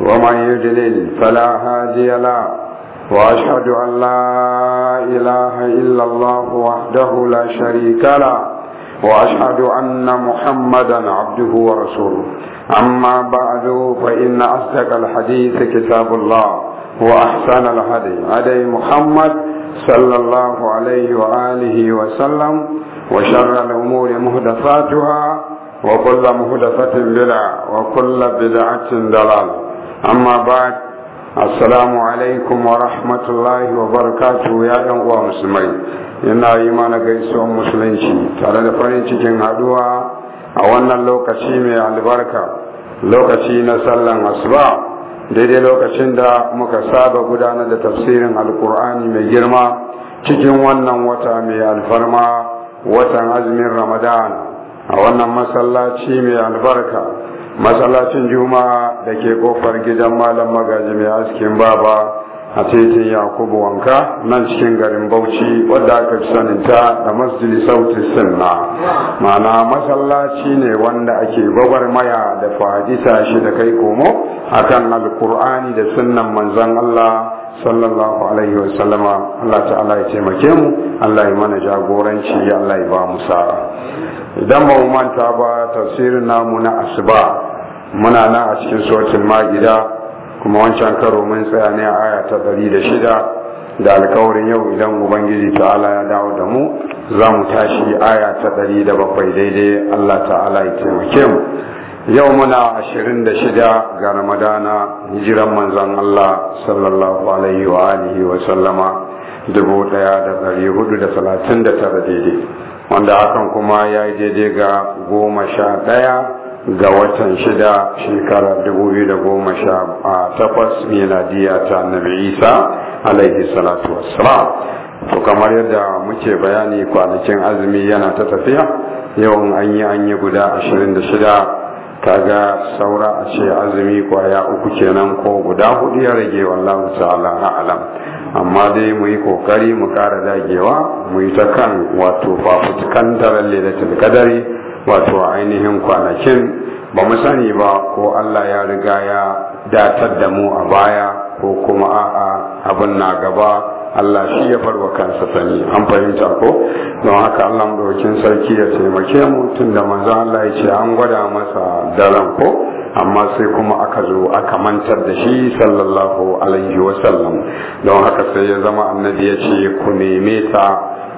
ومن يدلل فلا هادي له وأشهد أن لا إله إلا الله وحده لا شريك له وأشهد أن محمدا عبده ورسوله أما بعد فإن أصدق الحديث كتاب الله وأحسن الهدي هدي محمد صلى الله عليه وآله وسلم وشر الأمور مهدفاتها وكل مهدفة بدعة وكل بدعة ضلالة amma ba assalamu alaikum wa rahmatullahi wa barkatu, ya'yan ɗan uwa musulmai yana yi mana gaisuwan musulunci tare da farin cikin haɗuwa a wannan lokaci mai albarka lokaci na sallan asuba daidai lokacin da muka saba gudanar da tafsirin alkur'ani mai girma cikin wannan wata mai alfarma watan azumin ramadan a wannan masallaci mai albarka masallacin juma'a da ke kofar gidan malam magaji mai askin baba a titin yakubu wanka nan cikin garin bauchi wadda aka fi saninta da masjidi sauti sinna Mana masallaci ne wanda ake babar maya da fadisa shi da kai komo a akan alkur'ani da sunnan manzon allah sallallahu alaihi wa Allah ta'ala ya taimake mu Allah ya mana jagoranci Allah ya ba mu sa'a idan ba mu manta ba tafsirin namu na asuba muna nan a cikin sokin ma'ida kuma wancan karo mun tsaya ne a aya ta ɗari da shida da alkawarin yau idan ubangiji ta'ala ya dawo da mu za mu tashi aya ta ɗari da bakwai daidai allah ta'ala ya taimake mu yau muna ashirin da shida ga ramadana hijiran manzan allah sallallahu alaihi wa alihi wa sallama dubu ɗaya da ɗari hudu da talatin da tara daidai wanda hakan kuma ya yi daidai ga goma sha ɗaya ga watan shida shekara dubu biyu da goma sha takwas miladiya ta annabi isa alaihi salatu wassalam to kamar yadda muke bayani kwanakin azumi yana ta tafiya yawan an yi an guda ashirin da shida kaga saura a ce azumi kwaya uku kenan ko guda hudu ya rage wallahu ta'ala a'lam amma dai mu yi kokari mu kara dagewa mu yi ta kan wato fafutukan lalle da tilkadari wato ainihin kwanakin ba mu sani ba ko Allah ya riga ya datar da mu a baya ko kuma a'a abin na gaba Allah shi ya farwa kansa sani an fahimta ko don haka Allah madaukin sarki ya taimake mu tunda manzo Allah ya ce an gwada masa daren ko amma sai kuma aka zo aka mantar da shi sallallahu alaihi wasallam don haka sai ya zama annabi ya ce ku neme ta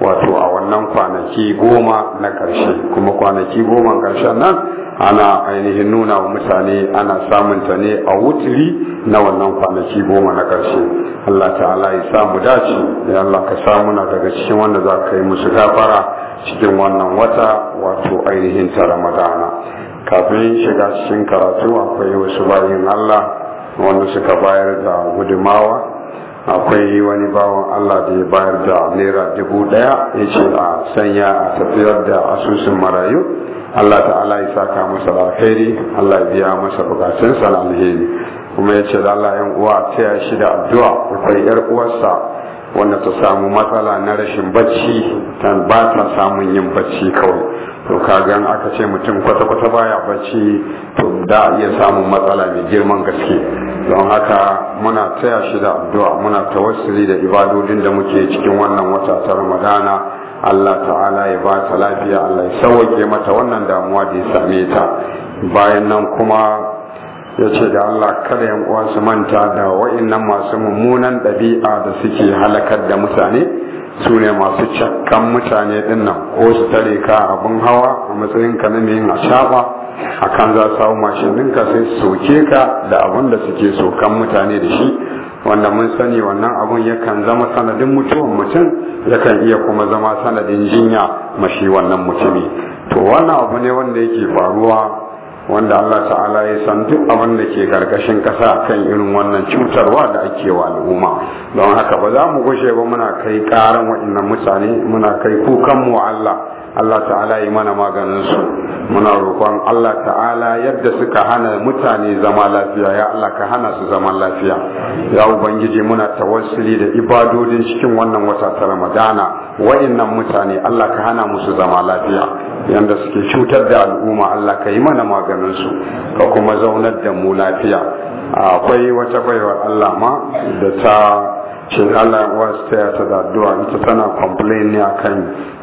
wato a wannan kwanaki goma na ƙarshe kuma kwanaki goma ƙarshen nan ana ainihin nuna wa mutane ana samun ta ne a wuturi na wannan kwanaki goma na ƙarshe Allah ta'ala ya samu dace ya Allah ka samu na daga cikin wanda za ka yi musu gafara cikin wannan wata wato ainihin ta ramadana kafin shiga cikin karatu akwai wasu bayin Allah wanda suka bayar da gudumawa akwai wani bawan Allah da ya bayar da naira dubu daya ya ce a sanya a tafiyar da asusun marayu Allah ta'ala ya saka masa alheri Allah ya biya masa bukatun na alheri kuma ya ce da Allah yan uwa taya shi da addu'a akwai yar uwarsa wanda ta samu matsala na rashin bacci ta ba ta samun yin bacci kawai to kagan aka ce mutum kwata-kwata baya bacci to da iya samun matsala mai girman gaske don haka muna taya shi da addu'a muna tawassuli da ibadodin da muke cikin wannan wata ta ramadana Allah ta'ala ya ba ta lafiya Allah ya sauwake mata wannan damuwa da ya same ta bayan nan kuma ya ce da Allah kada yan uwa su manta da nan masu mummunan ɗabi'a da suke halakar da mutane su ne masu cakkan mutane din nan ko su tare ka abin hawa a matsayin ka na mai yin ashaba kan za su hau mashinin ka sai su soke ka da abin da suke sokan mutane da shi wanda mun sani wannan abun yakan zama sanadin mutuwan mutum yakan iya kuma zama sanadin jinya mashi wannan mutumi to wannan abu ne wanda yake faruwa wanda Allah ta'ala ya san duk abin da ke karkashin kasa kan irin wannan cutarwa da ake wa al'umma don haka ba za mu gushe ba muna kai karan waɗannan mutane muna kai kukan mu Allah Allah ta'ala yi mana maganin su muna roƙon Allah ta'ala yadda suka hana mutane zama lafiya ya Allah ka hana su zama lafiya ya ubangiji muna tawassuli da ibadodin cikin wannan wata ta Ramadana waɗannan mutane Allah ka hana musu zama lafiya yanda suke cutar da al'umma Allah ka yi mana maganin su ka kuma zaunar da mu lafiya akwai wata baiwar Allah ma da ta ce Allah wasu ta da addu'a ita tana complain ne akan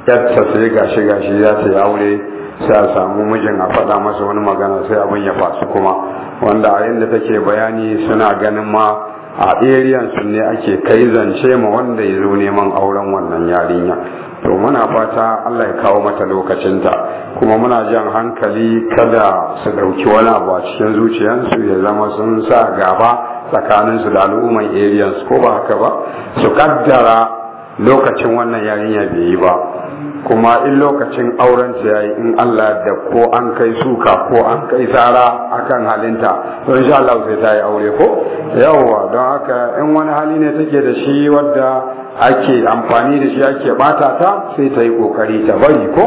yadda sai gashi gashi za ta aure sai a samu mijin a faɗa masa wani magana sai abin ya fasu kuma wanda a yadda take bayani suna ganin ma a area su ne ake kai zance ma wanda ya zo neman auren wannan yarinya to muna fata Allah ya kawo mata lokacinta kuma muna jan hankali kada su ɗauki wani abu a cikin zuciyarsu ya zama sun sa gaba tsakaninsu da al'umman areas ko ba haka ba su kaddara lokacin wannan yarinya bai yi ba kuma in lokacin auren ta yayi in Allah da ko an kai suka ko an kai tsara akan halinta to insha Allah sai ta yi aure ko yawwa don haka in wani hali ne take da shi wadda ake amfani da shi ake bata ta sai ta yi kokari ta bari ko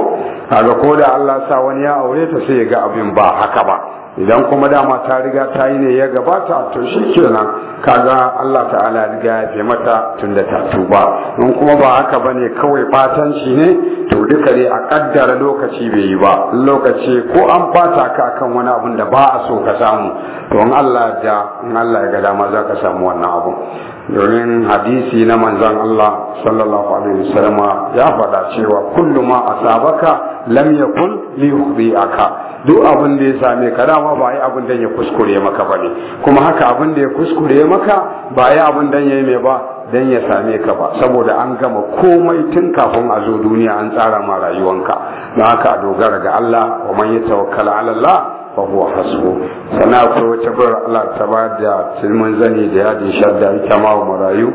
kaga ko da Allah sa wani ya aure ta sai ya ga abin ba haka ba idan kuma dama ta riga ta yi ne ya gabata to shi kenan kaga Allah ta'ala Ya riga ya fi mata tunda ta tuba in kuma ba haka ba ne kawai batanci ne to duka dai a kaddara lokaci bai yi ba lokaci ko an fata ka kan wani abun da ba a so ka samu to in Allah ya in Allah ya ga dama za ka samu wannan abun domin hadisi na manzon Allah sallallahu alaihi wasallam ya faɗa cewa kullu ma asabaka lam yakun li yukhbi'aka duk abin da ya same ka dama ba yi abin da ya kuskure maka bane kuma haka abin da ya kuskure maka ba yi abin da ya yi mai ba dan ya same ka ba saboda an gama komai tun kafin a zo duniya an tsara ma rayuwanka don haka a dogara ga Allah wa man ya tawakkala ala Allah fa huwa hasbu sana akwai wata bar Allah ta ba da tilmin zani da yadin shadda ita ma marayu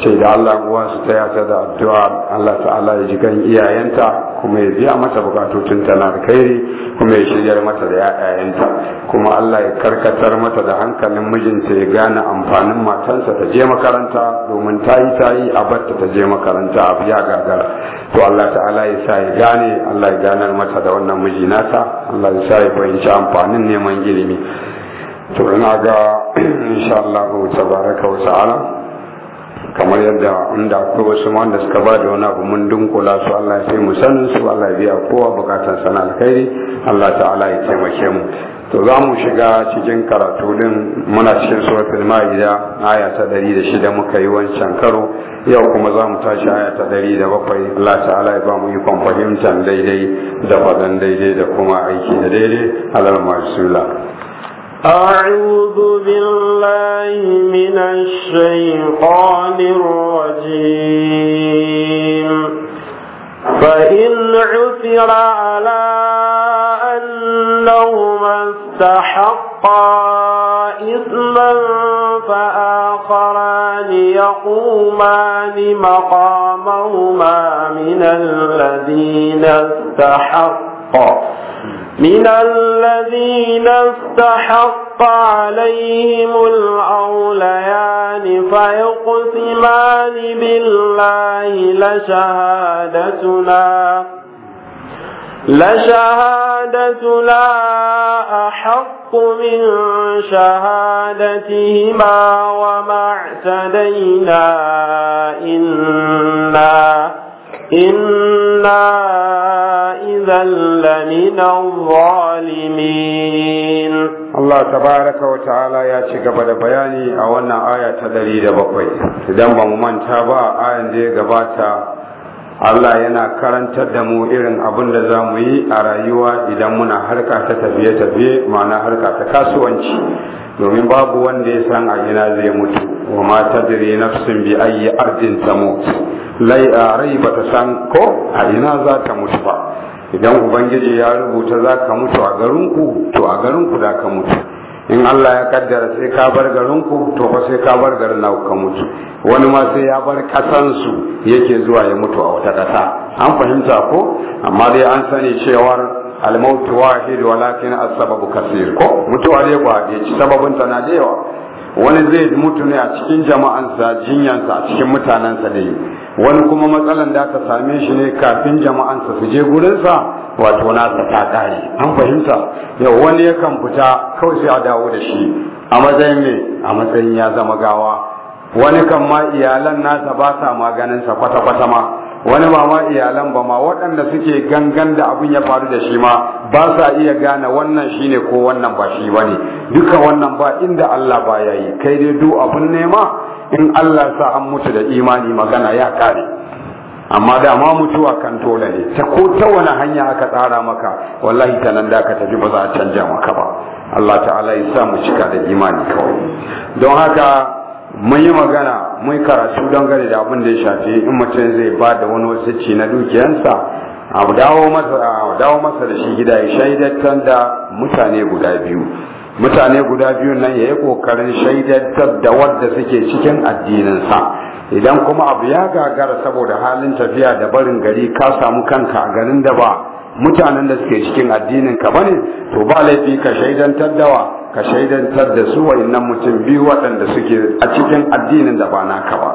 Sai da Allah uwa su taya ta da addu'a Allah ta'ala ya ji gan iyayenta kuma ya biya mata bukatocin ta na kuma ya shigar mata da yayayenta kuma Allah ya karkatar mata da hankalin mijinta ya gane amfanin matansa ta je makaranta domin ta yi ta yi a batta ta je makaranta a biya gagara to Allah ta'ala ya sa ya gane Allah ya ganar mata da wannan miji nata Allah ya sa ya fahimci amfanin neman ilimi to ina ga insha Allah tabaraka wa ta'ala kamar yadda inda akwai wasu ma da suka ba da wani abu mun dunkula su Allah sai mu sanin su Allah biya kowa bukatan sana alkhairi Allah ta'ala ya taimake mu to za mu shiga cikin karatu din muna cikin suratul ma'ida aya ta 106 muka yi wancan karo yau kuma za mu tashi aya ta 107 Allah ta'ala ya ba mu yi kwamfahimtan daidai da fadan daidai da kuma aiki da daidai alal masula أعوذ بالله من الشيطان الرجيم فإن عثر على أنهما استحقا إثما فآخران يقومان مقامهما من الذين استحقوا الحق من الذين استحق عليهم الأوليان فيقسمان بالله لشهادتنا لشهادتنا أحق من شهادتهما وما اعتدينا إنا إنا إذا لمن الظالمين الله تبارك وتعالى يا شيخ wannan بياني أو أن آية تدريد بقوي إذن بممان تابع آية دي قباتا Allah yana karantar da mu irin abin da za mu yi a rayuwa idan muna harka ta tafiye-tafiye ma'ana harka ta kasuwanci domin babu wanda ya san a ina zai mutu wa ma tadri nafsin bi ayyi ardin tamut lai a rai bata san ko a ina za ta mutu ba idan ubangiji ya rubuta za ka mutu a garinku to a garinku za ka mutu in Allah ya kaddara sai ka bar garinku to fa sai ka bar garin na ka mutu wani ma sai ya bar su yake zuwa ya mutu a wata kasa an fahimta ko amma dai an sani cewar almautu wahid walakin asbabu sababu kaseer ko mutuwa dai ba ga ci sababin ta na da yawa wani zai mutu ne a cikin jama'an jama'ansa jinyansa a cikin sa dai wani kuma matsalan da aka same shi ne kafin jama'an sa su je sa? wato nasa ta kare an fahimta yau wani yakan fita kawai sai a dawo da shi a matsayin ne a matsayin ya zama gawa wani kan ma iyalan nasa ba sa maganinsa kwata-kwata ma wani mama ma iyalan ba ma waɗanda suke gangan da abin ya faru da shi ma ba sa iya gane wannan shine ko wannan ba shi bane duka wannan ba inda Allah ba ya yi kai dai duk abin nema in Allah sa an mutu da imani magana ya kare amma dama mutuwa kan tola ne ta ko ta wani hanya aka tsara maka wallahi ta nan da ka tafi ba za a canja maka ba Allah ta'ala ya sa mu cika da imani kawai don haka mun yi magana mun karatu dangane da abin da ya shafi in mutum zai ba da wani ci na dukiyansa a dawo masa da shi gida ya shaidatar da mutane guda biyu mutane guda biyu nan ya yi kokarin shaidatar da wadda suke cikin addininsa idan kuma abu ya gagara saboda halin tafiya da barin gari ka samu kanka a garin da ba mutanen da suke cikin addinin ka bane to ba laifi ka shaidantar dawa ka shaidantar da su wa'annan mutum biyu waɗanda suke a cikin addinin da ba naka ba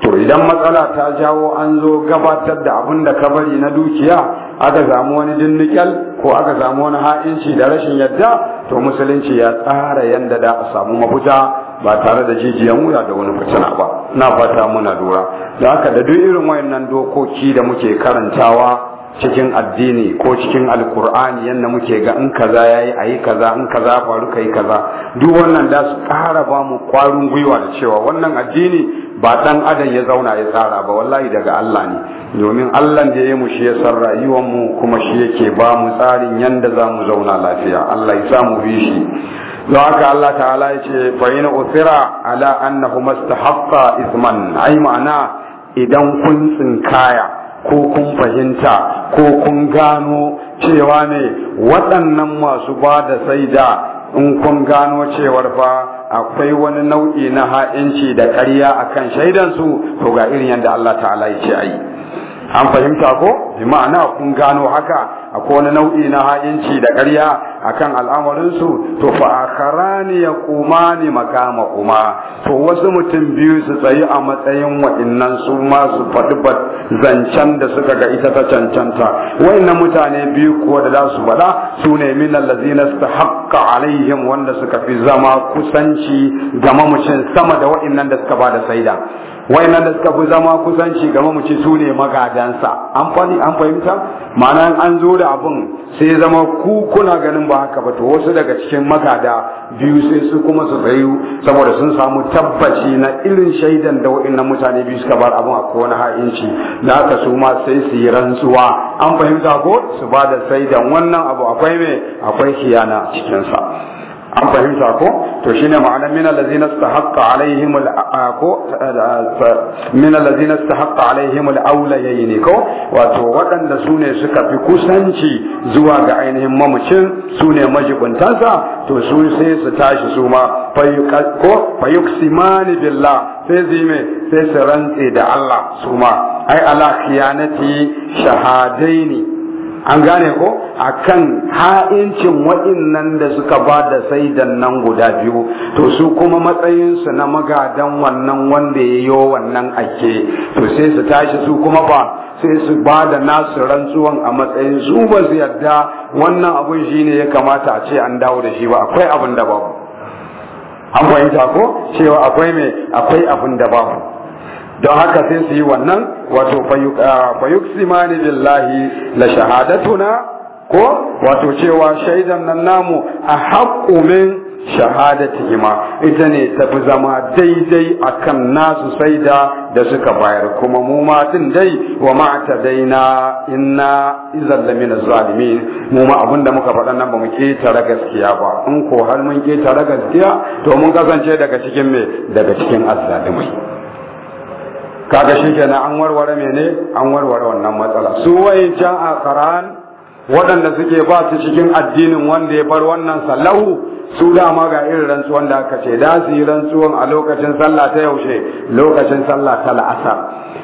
to idan matsala ta jawo an zo gabatar da abin da ka bari na dukiya aka samu wani dinnikyal ko aka samu wani ha'inci da rashin yadda to musulunci ya tsara yadda da a samu mafita ba tare da jijiyan wuya da wani fitina ba na fata muna lura da haka da duk irin wayannan dokoki da muke karantawa cikin addini ko cikin alkur'ani yadda muke ga in kaza ya yi a yi kaza in kaza faru yi kaza duk wannan da su ƙara ba mu kwarin gwiwa da cewa wannan addini ba dan adam ya zauna ya tsara ba wallahi daga Allah ne domin Allah da ya mu shi ya san rayuwar mu kuma shi yake ba mu tsarin yadda za mu zauna lafiya Allah ya sa mu bi shi don haka Allah ta'ala ya ce fa usira ala annahu mastahaqqa isman ai ma'ana idan kun tsinkaya ko kun fahimta ko kun gano cewa ne waɗannan masu ba da saida in kun gano cewar fa akwai wani nau'i na ha'inci da ƙarya a kan shaidansu to ga irin yadda Allah ta'ala ya ce ayi an fahimta ko bi ma'ana kun gano haka akwai wani nau'i na ha'inci da ƙarya akan al'amarin su to fa akharani yaqumani makama kuma to wasu mutum biyu su tsayi a matsayin wa'annan su ma su faɗi zancen da suka ga ita ta cancanta wa'annan mutane biyu ko da za su faɗa su ne min allazina stahaqqa alaihim wanda suka fi zama kusanci ga mamucin sama da wa'annan da suka bada saida wa'annan da suka fi zama kusanci ga mamuci su ne magadansa an fahimta ma'ana an zo da abin sai zama ku kuna ganin ba haka ba to wasu daga cikin magada biyu sai su kuma su tsayu saboda sun samu tabbaci na irin shaidan da waɗannan mutane biyu suka bar abin a kowane ha'inci da aka su ma sai su yi rantsuwa an fahimta ko su ba da shaidan wannan abu akwai me akwai kiyana cikinsa an fahimta ko to shine ma'ana min allazina istahaqqa alaihim ko min allazina alaihim ko wato waɗanda sune suka fi kusanci zuwa ga ainihin mamacin sune majibuntansa to su sai su tashi su ma ko fayuqsimani billah sai zime sai su rantse da Allah su ma ai ala khiyanati shahadaini an gane ko A kan ha'incin waɗannan da suka ba da saidan nan guda biyu to su kuma matsayinsu na magadan wannan wanda ya yi wannan ake to sai su tashi su kuma ba sai su ba da nasu rantsuwan a matsayin su ba su yadda wannan abun ne ya kamata a ce an dawo da shi ba akwai abin da babu an fahimta ko cewa akwai mai akwai abin da babu don haka sai su yi wannan wato fayuqsimani billahi la shahadatuna ko wato cewa shaidan nan namu a haƙƙo min shahadatihima ita ne tafi zama daidai akan nasu saida da suka bayar kuma mu ma din dai wa ma'ata daina inna izal lamin zalimi? mu ma da muka faɗa nan ba mu ketare gaskiya ba in ko har mun ketara gaskiya to mun kasance daga cikin me daga cikin azzalimai kaga shikenan an warware mene an warware wannan matsala su wai ja'a qaran waɗanda suke ba su cikin addinin wanda ya bar wannan sallahu su dama ga irin rantsuwan da aka ce da su yi rantsuwan a lokacin sallah ta yaushe lokacin sallah ta la'asar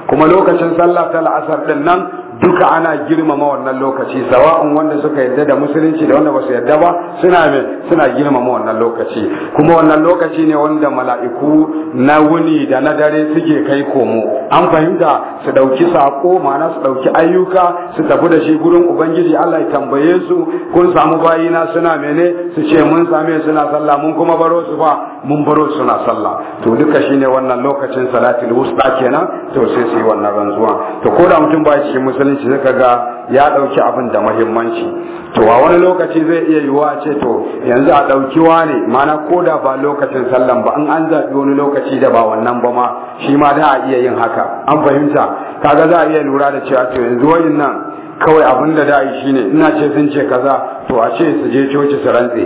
kuma lokacin sallah ta la'asar din nan duka ana girmama wannan lokaci sawa'un wanda suka yarda da musulunci da wanda basu yarda ba suna me suna girmama wannan lokaci kuma wannan lokaci ne wanda mala'iku na wuni da na dare suke kai komo an fahimta su dauki sako ma'ana su dauki ayyuka su tafi da shi gurin ubangiji Allah ya tambaye su kun samu bayina suna mene su ce mun same suna sallah mun kuma baro su fa mun baro su na sallah to duka shine wannan lokacin salatul wusta kenan to sai su yi wannan rantsuwa to ko da mutum ba shi musulunci addinin shi zaka ga ya ɗauki abin da muhimmanci to a wani lokaci zai iya yiwuwa ce to yanzu a dauki wane mana ko da ba lokacin sallan ba in an zabi wani lokaci da ba wannan ba ma shi ma da a iya yin haka an fahimta kaga za a iya lura da cewa to yanzu wayin nan kawai abin da da yi shine ina ce sun ce kaza to a ce su je coci su rantse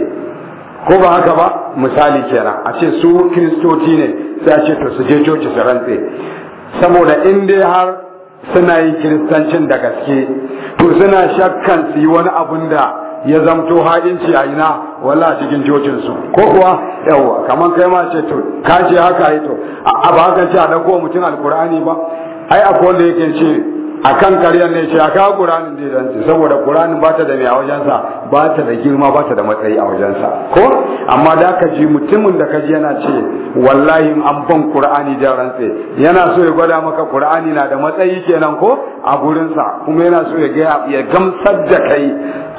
ko ba haka ba misali kenan a ce su kiristoci ne sai a ce to su je coci su rantse saboda in dai har suna yin kiristancin da gaske to suna shakkan su yi wani abun da ya zamto haɗinci a ina wala cikin cocin su ko kuwa yawa kamar kai ma ce to ka ce haka yi to a ba haka ce a dauko mutum alkur'ani ba ai akwai wanda yake ce akan kariyar ne ce aka Qur'anin da dan saboda Qur'anin ba ta da mai a wajensa ba ta da girma ba ta da matsayi a wajensa ko amma da ka ji mutumin da ka ji yana ce wallahi an ban Qur'ani da rantse yana so ya gwada maka Qur'ani na da matsayi kenan ko a gurin kuma yana so ya ga ya gamsar da kai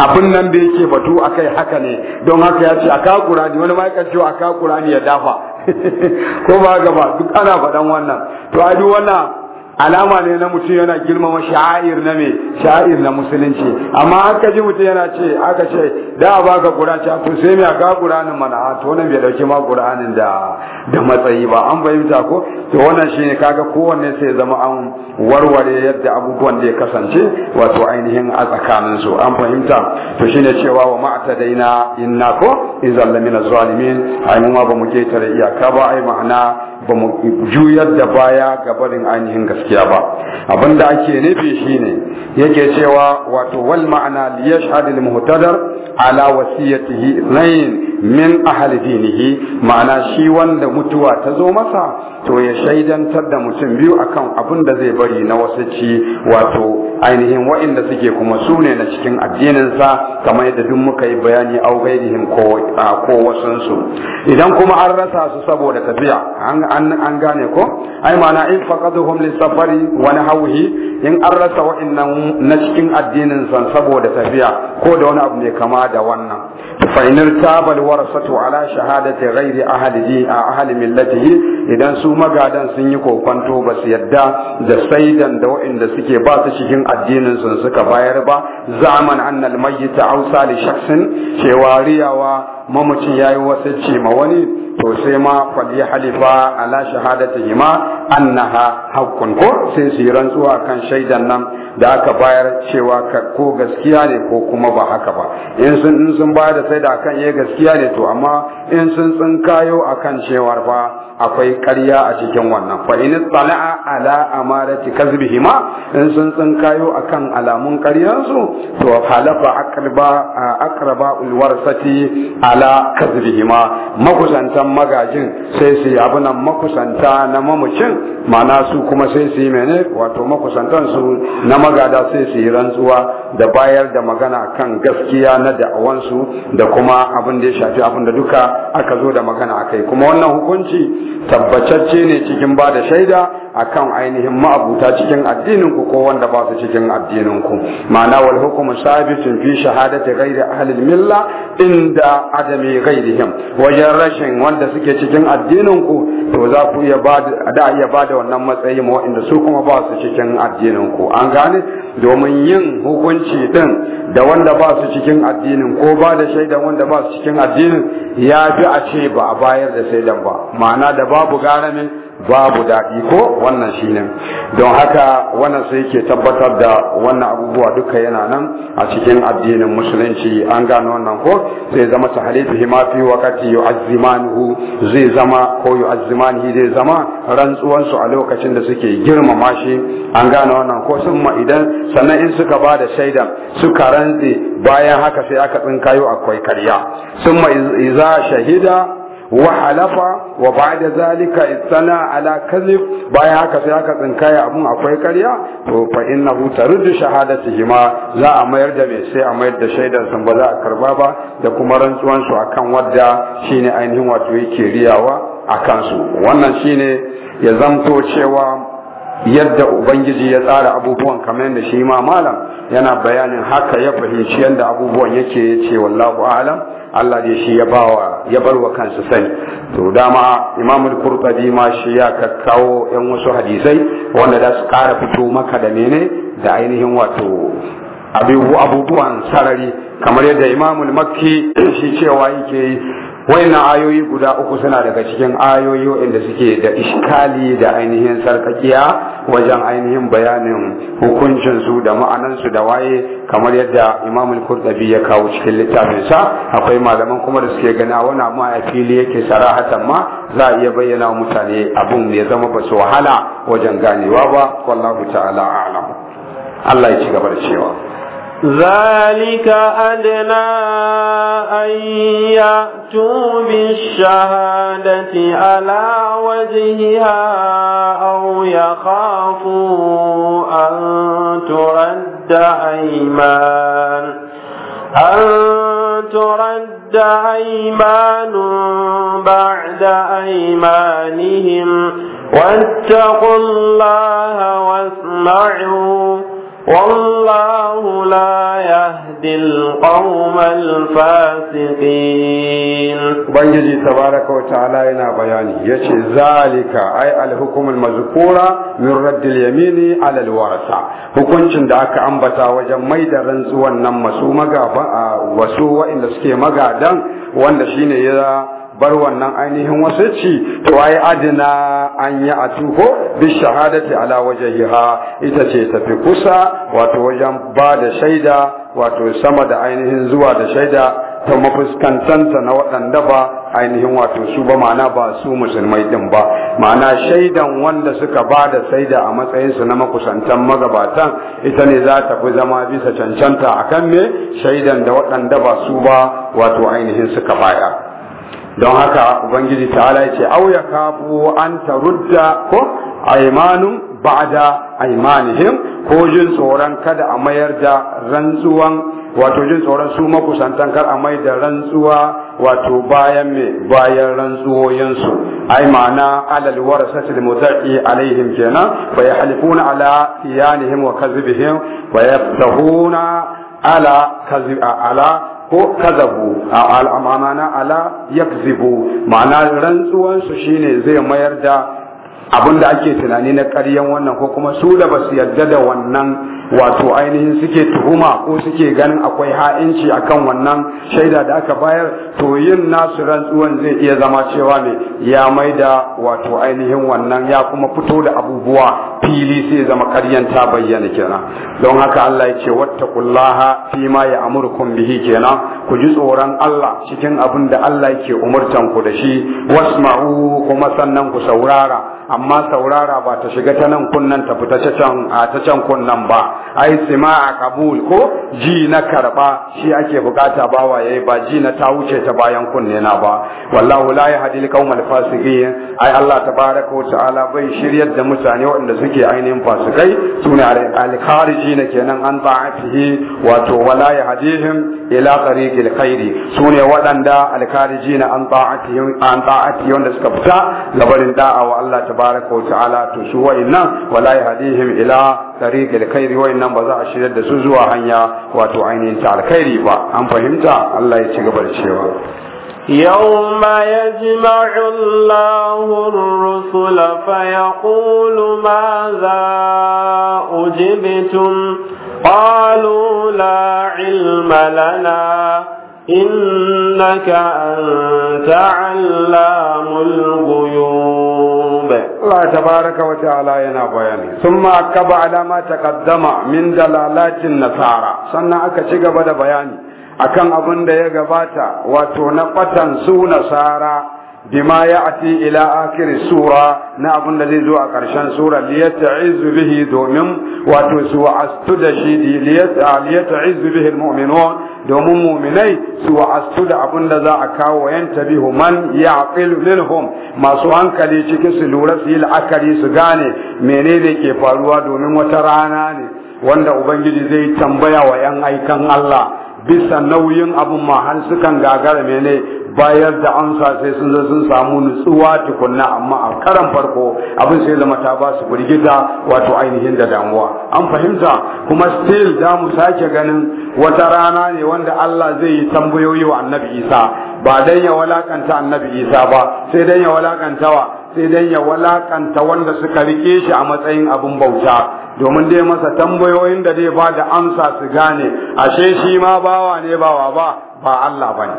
abin nan da yake batu akai haka ne don haka ya ce aka Qur'ani wani ma ya ce aka Qur'ani ya dafa ko ba gaba duk ana faɗan wannan to a duk wannan alama ne na mutum yana girmama shair na me sha'ir na musulunci amma aka ji mutum yana ce aka ce da ba baka qur'ani to sai me aka qur'anin mana to wannan bai dauki ma qur'anin da da matsayi ba an fahimta ko to wannan shine kaga kowanne sai zama an warware yadda abubuwan da ya kasance wato ainihin a tsakanin su an fahimta to shine cewa wa ma'tadaina inna ko idan lamina zalimin ai mu ma ba mu tare iyaka ba yi ma'ana ba mu juyar da baya ga barin ainihin gaskiya ba abinda ake nufi shine yake cewa wato wal ma'ana li yashhad al muhtadar ala wasiyatihi ithnain min ahli dinihi ma'ana shi wanda mutuwa ta zo masa to ya shaidantar da mutum biyu akan abin da zai bari na wasu wato ainihin wa'inda suke kuma su ne na cikin addininsa kamar yadda duk muka yi bayani au gairihim ko wasansu idan kuma an rasa su saboda tafiya an gane ko ai ma'ana in faqaduhum lisafari wa nahwihi in an rasa wa'innan na cikin addininsa saboda tafiya ko da wani abu ne kama da wannan tabal ارتاب ala على شهادة غير a أهل ملته idan su magadan sun yi kokonto ba su yadda da saidan da waɗanda suke ba su cikin addinin sun suka bayar ba zaman annal mayyita ausa li shakhsin cewa riyawa mamacin yayi wasacce ma wani to sai ma falli halifa ala shahadatihima annaha haqqun ko sai su yi rantsuwa kan shaidan nan da aka bayar cewa ka ko gaskiya ne ko kuma ba haka ba in sun in bayar da sai da akan ya eh, gaskiya ne to amma in sun tsinkayo kan cewar fa akwai ƙarya a cikin wannan fa in tsala'a ala amarati kazbihima in sun tsinkayo kan alamun ƙaryansu to halafa aqraba aqraba ulwarsati ala kazbihima makusantan magajin sai su yi abunan makusanta na mamucin. mana su kuma sai su yi mene wato makusantan su na magada sai su yi rantsuwa da bayar da magana kan gaskiya na da'awansu da kuma abin da ya shafi abin da duka aka zo da magana kai kuma wannan hukunci tabbacacce ne cikin ba da shaida akan ainihin ma'abuta cikin addinin ku ko wanda ba su cikin addinin ku ma'ana wal hukmu sabitun fi shahadati ghairi ahli milla inda adami ghairihim wajen rashin wanda suke cikin addinin ku to za ku iya ba da iya bada wannan matsayi ma wanda su kuma ba su cikin addinin ku an gane domin yin hukunci din da wanda ba su cikin addinin ko ba da shaidan wanda ba su cikin addinin ya fi a ce ba a bayar da shaidan ba ma'ana da babu garamin babu daɗi ko wannan shine don haka wannan sai yake tabbatar da wannan abubuwa duka yana nan a cikin addinin musulunci an gano wannan ko zai zama tahalifihi ma fi waqati yu'azzimanuhu zai zama ko yu'azzimanihi zai zama rantsuwan a lokacin da suke girmama shi an gano wannan ko sun ma idan sannan in suka bada da shaida suka rantse bayan haka sai aka tsinkayo akwai karya sun ma iza shahida wa halafa wa ba'da zalika istana ala kadhib bayan haka sai aka tsinkaya abun akwai ƙarya to fa innahu taruddu shahadatihima za a mayar da me sai a mayar da shaidar san ba za a karba ba da kuma rantsuwan su akan wadda shine ainihin wato yake riyawa akan su wannan shine ya zamto cewa yadda ubangiji ya tsara abubuwan kamar da shi ma malam yana bayanin haka ya fahimci yadda abubuwan yake yace wallahu alam Allah dai shi ya bawa ya barwa kansa sani to dama Imam al-Qurtubi ma shi ya kakkawo yan wasu hadisai wanda za su ƙara fito maka da mene da ainihin wato abubuwan sarari kamar yadda Imam al-Makki shi cewa yake wayannan ayoyi guda uku suna daga cikin ayoyi wanda suke da iskali da ainihin sarkakiya wajen ainihin bayanin hukuncin su da ma'anan su da waye kamar yadda Imam al-Qurtubi ya kawo cikin littafin sa akwai malaman kuma da suke gana wannan ma a fili yake sarahatan ma za a iya bayyana wa mutane abun ya zama ba su wahala wajen ganewa ba wallahu ta'ala a'lam Allah ya ci gaba da cewa ذلك أدنى أن يأتوا بالشهادة على وجهها أو يخافوا أن ترد أيمان أن ترد أيمان بعد أيمانهم واتقوا الله واسمعوا والله لا يهدي القوم الفاسقين بنجي تبارك وتعالى ينا بياني يشي ذلك أي الحكم المذكورة من رد اليمين على الورثة hukuncin da aka ambata wajen mai da rantsuwan nan masu magaba wasu wa'inda suke magadan wanda shine ya bar wannan ainihin wasu ci to ai adina an yi tuko bi shahadati ala wajhiha ita ce tafi kusa wato wajen ba da shaida wato sama da ainihin zuwa da shaida ta mafuskantanta na waɗanda ba ainihin wato su ba ma'ana ba su musulmai din ba ma'ana shaidan wanda suka ba da saida a matsayinsu na makusantan magabatan ita ne za ta fi zama bisa cancanta a kan me shaidan da waɗanda ba su ba wato ainihin suka baya don haka ubangiji ta'ala ya ce au ya kafu an tarudda ko aimanun ba'da aimanihim ko jin tsoron kada a mayar da rantsuwan wato jin tsoron su makusantan kar a mayar da rantsuwa wato bayan me bayan rantsuwoyinsu ai ma'ana alal warasati almudai alaihim kenan wa yahlifuna ala tiyanihim wa kadhibihim wa yaftahuna ala kadhib ala ko kazabu a al'amana ala yakzibu ma'ana rantsuwansu shine zai mayar da abin da ake tunani na karyan wannan ko kuma su da ba su yarda da wannan wato ainihin suke tuhuma ko suke ganin akwai ha'inci akan wannan shaida da aka bayar to yin nasu rantsuwan zai iya zama cewa ne ya mai da wato ainihin wannan ya kuma fito da abubuwa fili sai zama karyan ta bayyana kenan don haka Allah ya ce wattaqullaha fi ma ya'murukum bihi kenan ku ji tsoron Allah cikin abin da Allah yake umurtan ku da shi wasma'u kuma sannan ku saurara amma saurara ba ta shiga ta nan kunnan ta fita ta can a ta can kunnan ba ai sima'a kabul ko ji na karba shi ake bukata bawa yayi ba ji na ta wuce ta bayan kunne na ba wallahu la yahdi alqaumal fasiqin ai Allah tabaraka wa ta'ala bai shiryar da mutane waɗanda suke ainihin fasikai sune al-kharijina kenan an ba'atihi wato wala yahdihim ila tariqil khairi sune waɗanda al-kharijina an ba'atihi an ba'atihi wanda suka fita labarin da'a wa Allah tabaraka wa ta'ala to shi wa'annan wala yahdihim ila tariqil khair wayannan ba za a shirya da su zuwa hanya wato ainihin ta alkhairi ba an fahimta Allah ya ci gaba da cewa يوم يجمع الله الرسل فيقول ماذا أجبتم قالوا لا علم لنا innaka anta allamul ghuyub Allah tabaraka wa ta'ala yana bayani summa akaba ala ma taqaddama min dalalatin nasara sannan aka ci gaba da bayani akan abin da ya gabata wato na fatan su nasara bima ati ila akhir sura na abin da zai zo a ƙarshen sura liyata'izu bihi domin wato su wa'astu da shi liyata'izu bihi almu'minun domin mu'minai su wa'astu da abun da za a kawo yan tabihu man ya'qilu minhum masu hankali cikin su lura su yi la'akari su gane menene ke faruwa domin wata rana ne wanda ubangiji zai tambaya wa yan aikan Allah bisa nauyin abun ma har sukan gagara mene bayar da amsa sai sun zo sun samu nutsuwa tukunna amma a karan farko abin sai zama ta ba su burgita wato ainihin da damuwa an fahimta kuma still za mu sake ganin wata rana ne wanda Allah zai yi tambayoyi wa annabi Isa ba dan ya walakanta annabi Isa ba sai dan ya walakanta wa sai dan ya walakanta wanda suka rike shi a matsayin abin bauta domin dai masa tambayoyin da zai ba da amsa su gane ashe shi ma bawa ne bawa ba ba Allah bane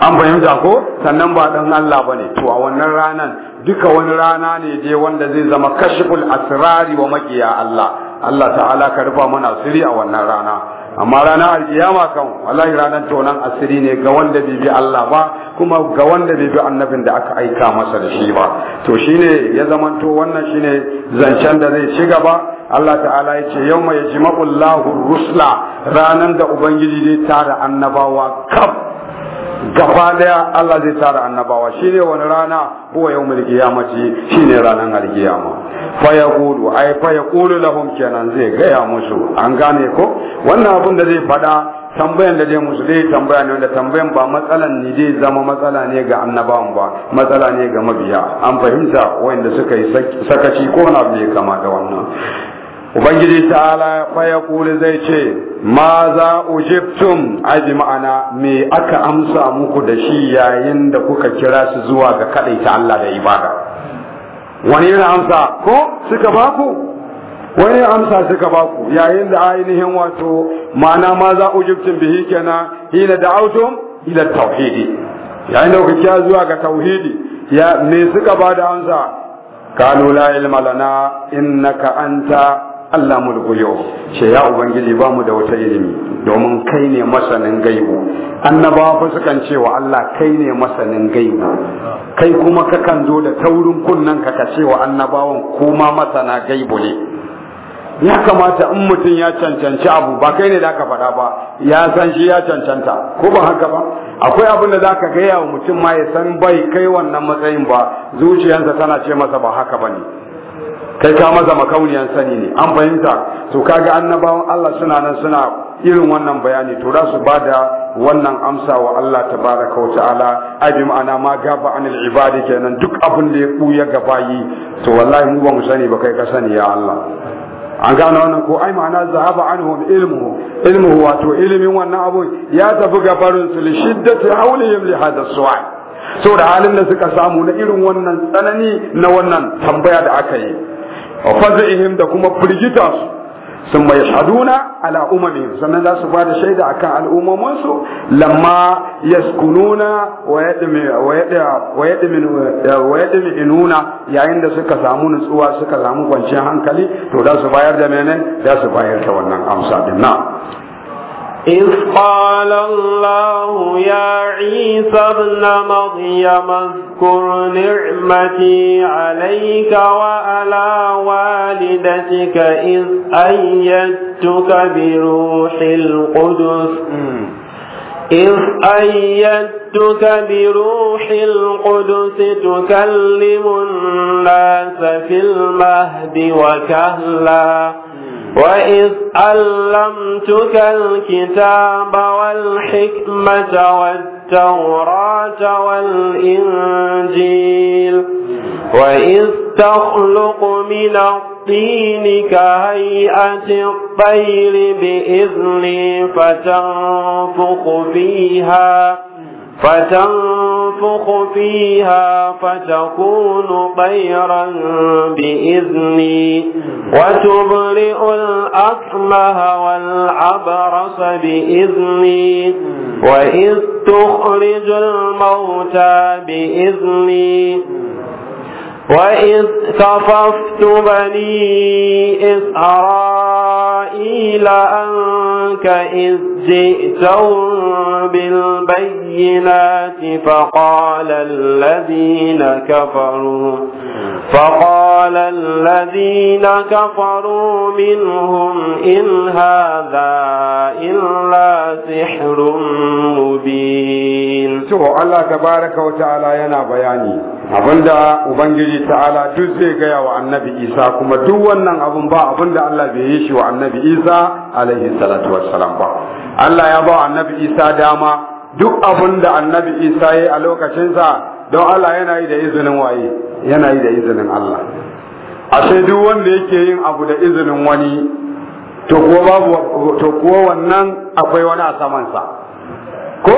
an fahimta ko sannan ba dan Allah bane to a wannan ranan duka wani rana ne dai wanda zai zama kashful asrari wa makiya Allah Allah ta'ala ka rufa mana siri a wannan rana amma ranar alkiyama kan wallahi ranar nan asiri ne ga wanda bibi Allah ba kuma ga wanda bibi annabin da aka aika masa da shi ba to shine ya zamanto wannan shine zancen da zai ci gaba Allah ta'ala ya ce yau mai jima'ullahu rusla ranar da Ubangiji zai tara annabawa kaf gaba daya Allah zai tara annabawa shine wani rana huwa yau mulki shine ranar alkiyama fayaqulu ay fayaqulu lahum kenan zai gaya musu an gane ko wannan abin da zai faɗa tambayan da zai musu zai tambaya ne wanda tambayan ba matsalan ne zai zama matsala ne ga annabawan ba matsala ne ga mabiya an fahimta wanda suka yi sakaci ko wani abu ne kama da wannan ubangiji ta'ala faya zai ce ma za ujibtum aji ma'ana me aka amsa muku da shi yayin da kuka kira su zuwa ga kaɗai ta Allah da ibada wani yana amsa ko suka baku wani amsa suka baku yayin da ainihin wato ma'ana ma za ujibtum bihi kenan hina da'awtum ila tauhidi yayin da kuka zuwa ga tauhidi ya me suka ba da amsa kanu la ilma lana innaka anta Allah mu yau ce ya ubangiji ba mu da wata ilimi domin kai ne masanin gaibu annabawa fa sukan ce wa Allah kai ne masanin gaibu kai kuma kakan zo da taurin kunnan ka ka ce wa annabawan kuma masana gaibu ne ya kamata in mutum ya cancanci abu ba kai ne da ka faɗa ba ya san shi ya cancanta ko ba haka ba akwai abin da za ka gaya wa mutum ma ya san bai kai wannan matsayin ba zuciyarsa tana ce masa ba haka ba ne kai ka maza makauniyan sani ne an fahimta to kaga annabawan Allah suna nan suna irin wannan bayani to za su bada wannan amsa wa Allah tabaraka wa ta'ala abi ma'ana ma gaba anil ibadi kenan duk abin da ya kuya gabayi to wallahi mu ba mu sani ba kai ka sani ya Allah an gane wannan ko ai ma'ana zahaba anhum ilmuhu ilmuhu wato ilimin wannan abu ya tafi gabarin su li shiddati hawlihim li hadha su'al saboda halin da suka samu na irin wannan tsanani na wannan tambaya da aka yi wa faza'ihim da kuma firgita su sun mai haduna ala umami sannan za su ba da shaida akan al'ummaminsu lamma yaskununa wa inuna yayin da suka samu nutsuwa suka samu kwanciyar hankali to za su bayar da menene za su bayar da wannan amsa din na إذ قال الله يا عيسى ابن مريم اذكر نعمتي عليك وعلى والدتك إذ أيدتك بروح القدس إذ أيدتك بروح القدس تكلم الناس في المهد وكهلاً وإذ علمتك الكتاب والحكمة والتوراة والإنجيل وإذ تخلق من الطين كهيئة الطير بإذني فتنفخ فيها فتنفخ فيها فتكون طيرا بإذني وتبرئ الأكمه والعبرص بإذني وإذ تخرج الموتى بإذني وإذ كففت بني إسرائيل أنك إذ جئتهم بالبينات فقال الذين كفروا فقال الذين كفروا منهم إن هذا إلا سحر مبين. شوف الله تبارك وتعالى ينا بياني. أبدا أبنجي ta'ala duk zai gaya wa annabi isa kuma duk wannan abun ba abin da Allah bai yi shi wa annabi isa alaihi salatu wassalam ba Allah ya ba annabi isa dama duk abin da annabi isa ya yi a lokacinsa don Allah yana yi da izinin waye yana yi da izinin Allah a sai duk wanda yake yin abu da izinin wani to kuwa babu to wannan akwai wani a samansa ko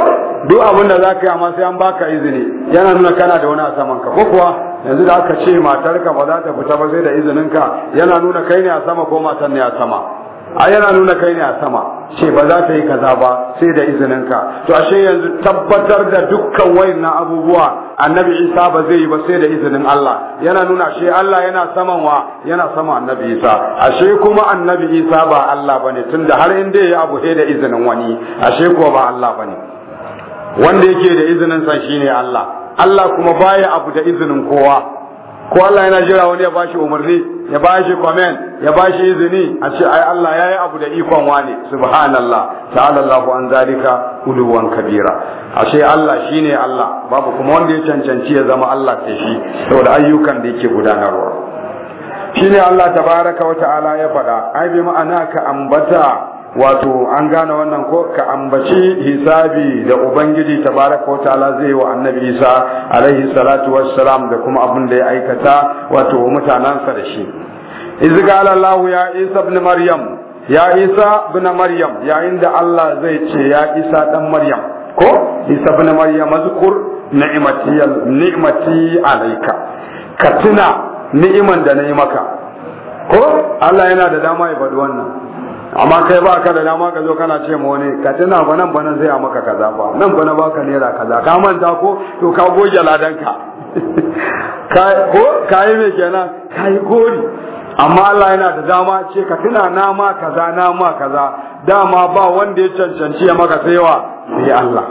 duk abin da zaka yi amma sai an baka izini yana nuna kana da wani a ka ko kuwa yanzu da aka ce matarka ba za ta fita ba sai da izininka yana nuna kai ne a sama ko matan ne a sama a yana nuna kai ne a sama ce ba za ta yi kaza ba sai da izininka to ashe yanzu tabbatar da dukkan na abubuwa annabi isa ba zai yi ba sai da izinin Allah yana nuna ashe Allah yana saman wa yana sama annabi isa ashe kuma annabi isa ba Allah bane tunda har inda yayi abu sai da izinin wani ashe kuwa ba Allah bane wanda yake da izinin san shine Allah Allah kuma baya abu da izinin kowa ko Allah yana jira wani ya bashi umarni ya bashi komen, ya bashi izini a ce ai Allah yayi abu da ikon wani subhanallah ta'ala Allahu an zalika uluwan kabira ashe Allah shine Allah babu kuma wanda ya cancanci ya zama Allah sai shi saboda ayyukan da yake gudanarwa shine Allah tabaraka wa ta'ala ya faɗa ai bi ma'ana ka ambata wato an gane wannan ko ka ambaci hisabi da ubangiji tabaraka wa ta'ala zai wa annabi isa alaihi salatu wassalam da kuma abin da ya aikata wato mutanansa da shi izgala allah ya isa ibn maryam ya isa ibn maryam yayin da allah zai ce ya isa dan maryam ko isa ibn maryam mazkur ni'mati ni'mati alayka ka tuna ni'iman da na yi maka ko allah yana da dama ya faɗi wannan amma kai ba ka da dama ka zo kana ce ma wani ka tuna ba nan bana zai maka kaza ba nan bana baka nera kaza ka manta ko to ka goge ladanka ko ka yi mai kenan ka yi gori amma Allah yana da dama ce ka tuna na ma kaza na ma kaza dama ba wanda ya cancanci ya maka saiwa sai Allah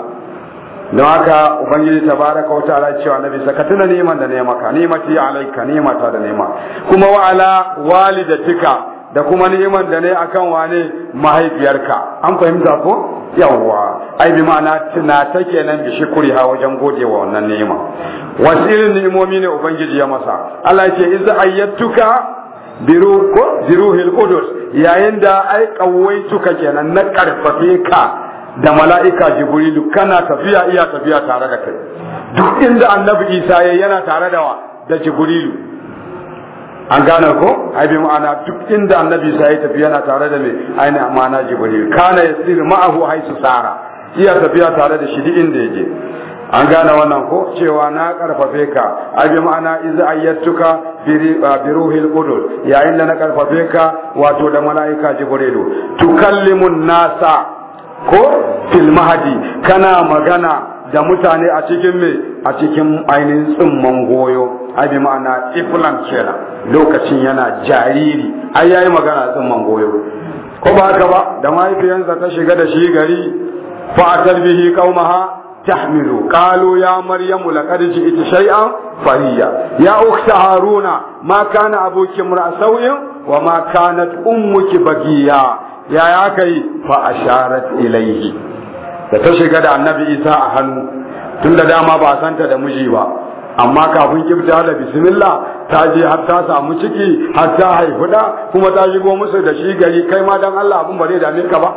don haka ubangiji tabaraka wa ta'ala cewa nabi saka tuna neman da nema ka nemati alaika nemata da nema kuma wa ala walidatika da kuma ni'imar da ne akan wane mahaifiyarka an fahimta ko yawwa ai bi ma'ana tuna ta kenan bi kuri ha wajen gode wa wannan ni'ima wasu irin ni'imomi ne ubangiji ya masa Allah ya ce idza ayyatuka biru ko biruhil qudus yayin da ai kawaituka kenan na karfafe ka da mala'ika jibrilu kana tafiya iya tafiya tare da kai duk inda annabi isa yana tare da wa da jibrilu an gane ko ai ma'ana duk inda annabi sa ya tafi yana tare da mai aini amana jibril kana yasir ma'ahu haisu sara iya tafiya tare da shi duk inda yake an gane wannan ko cewa na karfafe ka ai bi ma'ana iza ayyatuka bi ruhil qudus yayin da na karfafe ka wato da malaika jibrilu tukallimun nasa ko fil mahdi kana magana da mutane a cikin me a cikin ainihin tsimman goyo a ma'ana tiflan lokacin yana jariri ai yayi magana a man goyo ko ba haka ba da mahaifiyansa ta shiga da shi gari fa atal bihi qaumaha tahmilu Kalo ya maryamu laqad ita shay'an fariya ya ukhta haruna ma kana abokin mursawin wa ma kanat ummuki bagiya ya ya yi? fa asharat ilaihi. da ta shiga da annabi isa a hannu tunda dama ba santa da miji ba amma kafin kifta da bismillah ta je har ta samu ciki har ta haifu da kuma ta shigo musu da shi gari kai ma dan Allah abun ba zai dame ka ba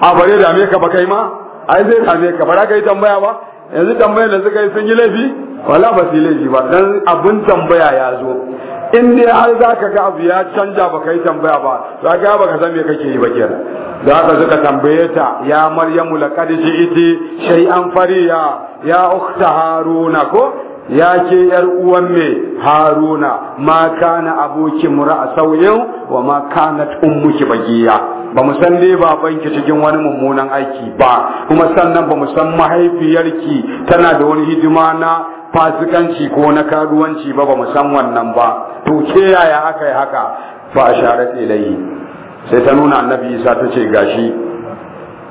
a ba zai dame ka ba kai ma ai zai dame ka ba za ka yi tambaya ba yanzu tambayar da suka yi sun yi laifi wala ba su yi laifi ba dan abun tambaya ya zo in dai har za ka ga abu ya canja baka yi tambaya ba za ka ba ka san me kake yi ba kenan za ka suka tambaye ta ya maryamu laqad ji'ti shay'an fariya ya ukhta haruna ko ya ke yar uwan me haruna ma kana aboki mura'a sauyin wa ma kanat ummuki bagiya ba mu san ne babanki cikin wani mummunan aiki ba kuma sannan ba mu san mahaifiyarki tana da wani hidima na fasikanci ko na karuwanci ba ba san wannan ba to ke yaya aka yi haka fa asharat ilayhi sai ta nuna annabi Isa ta ce gashi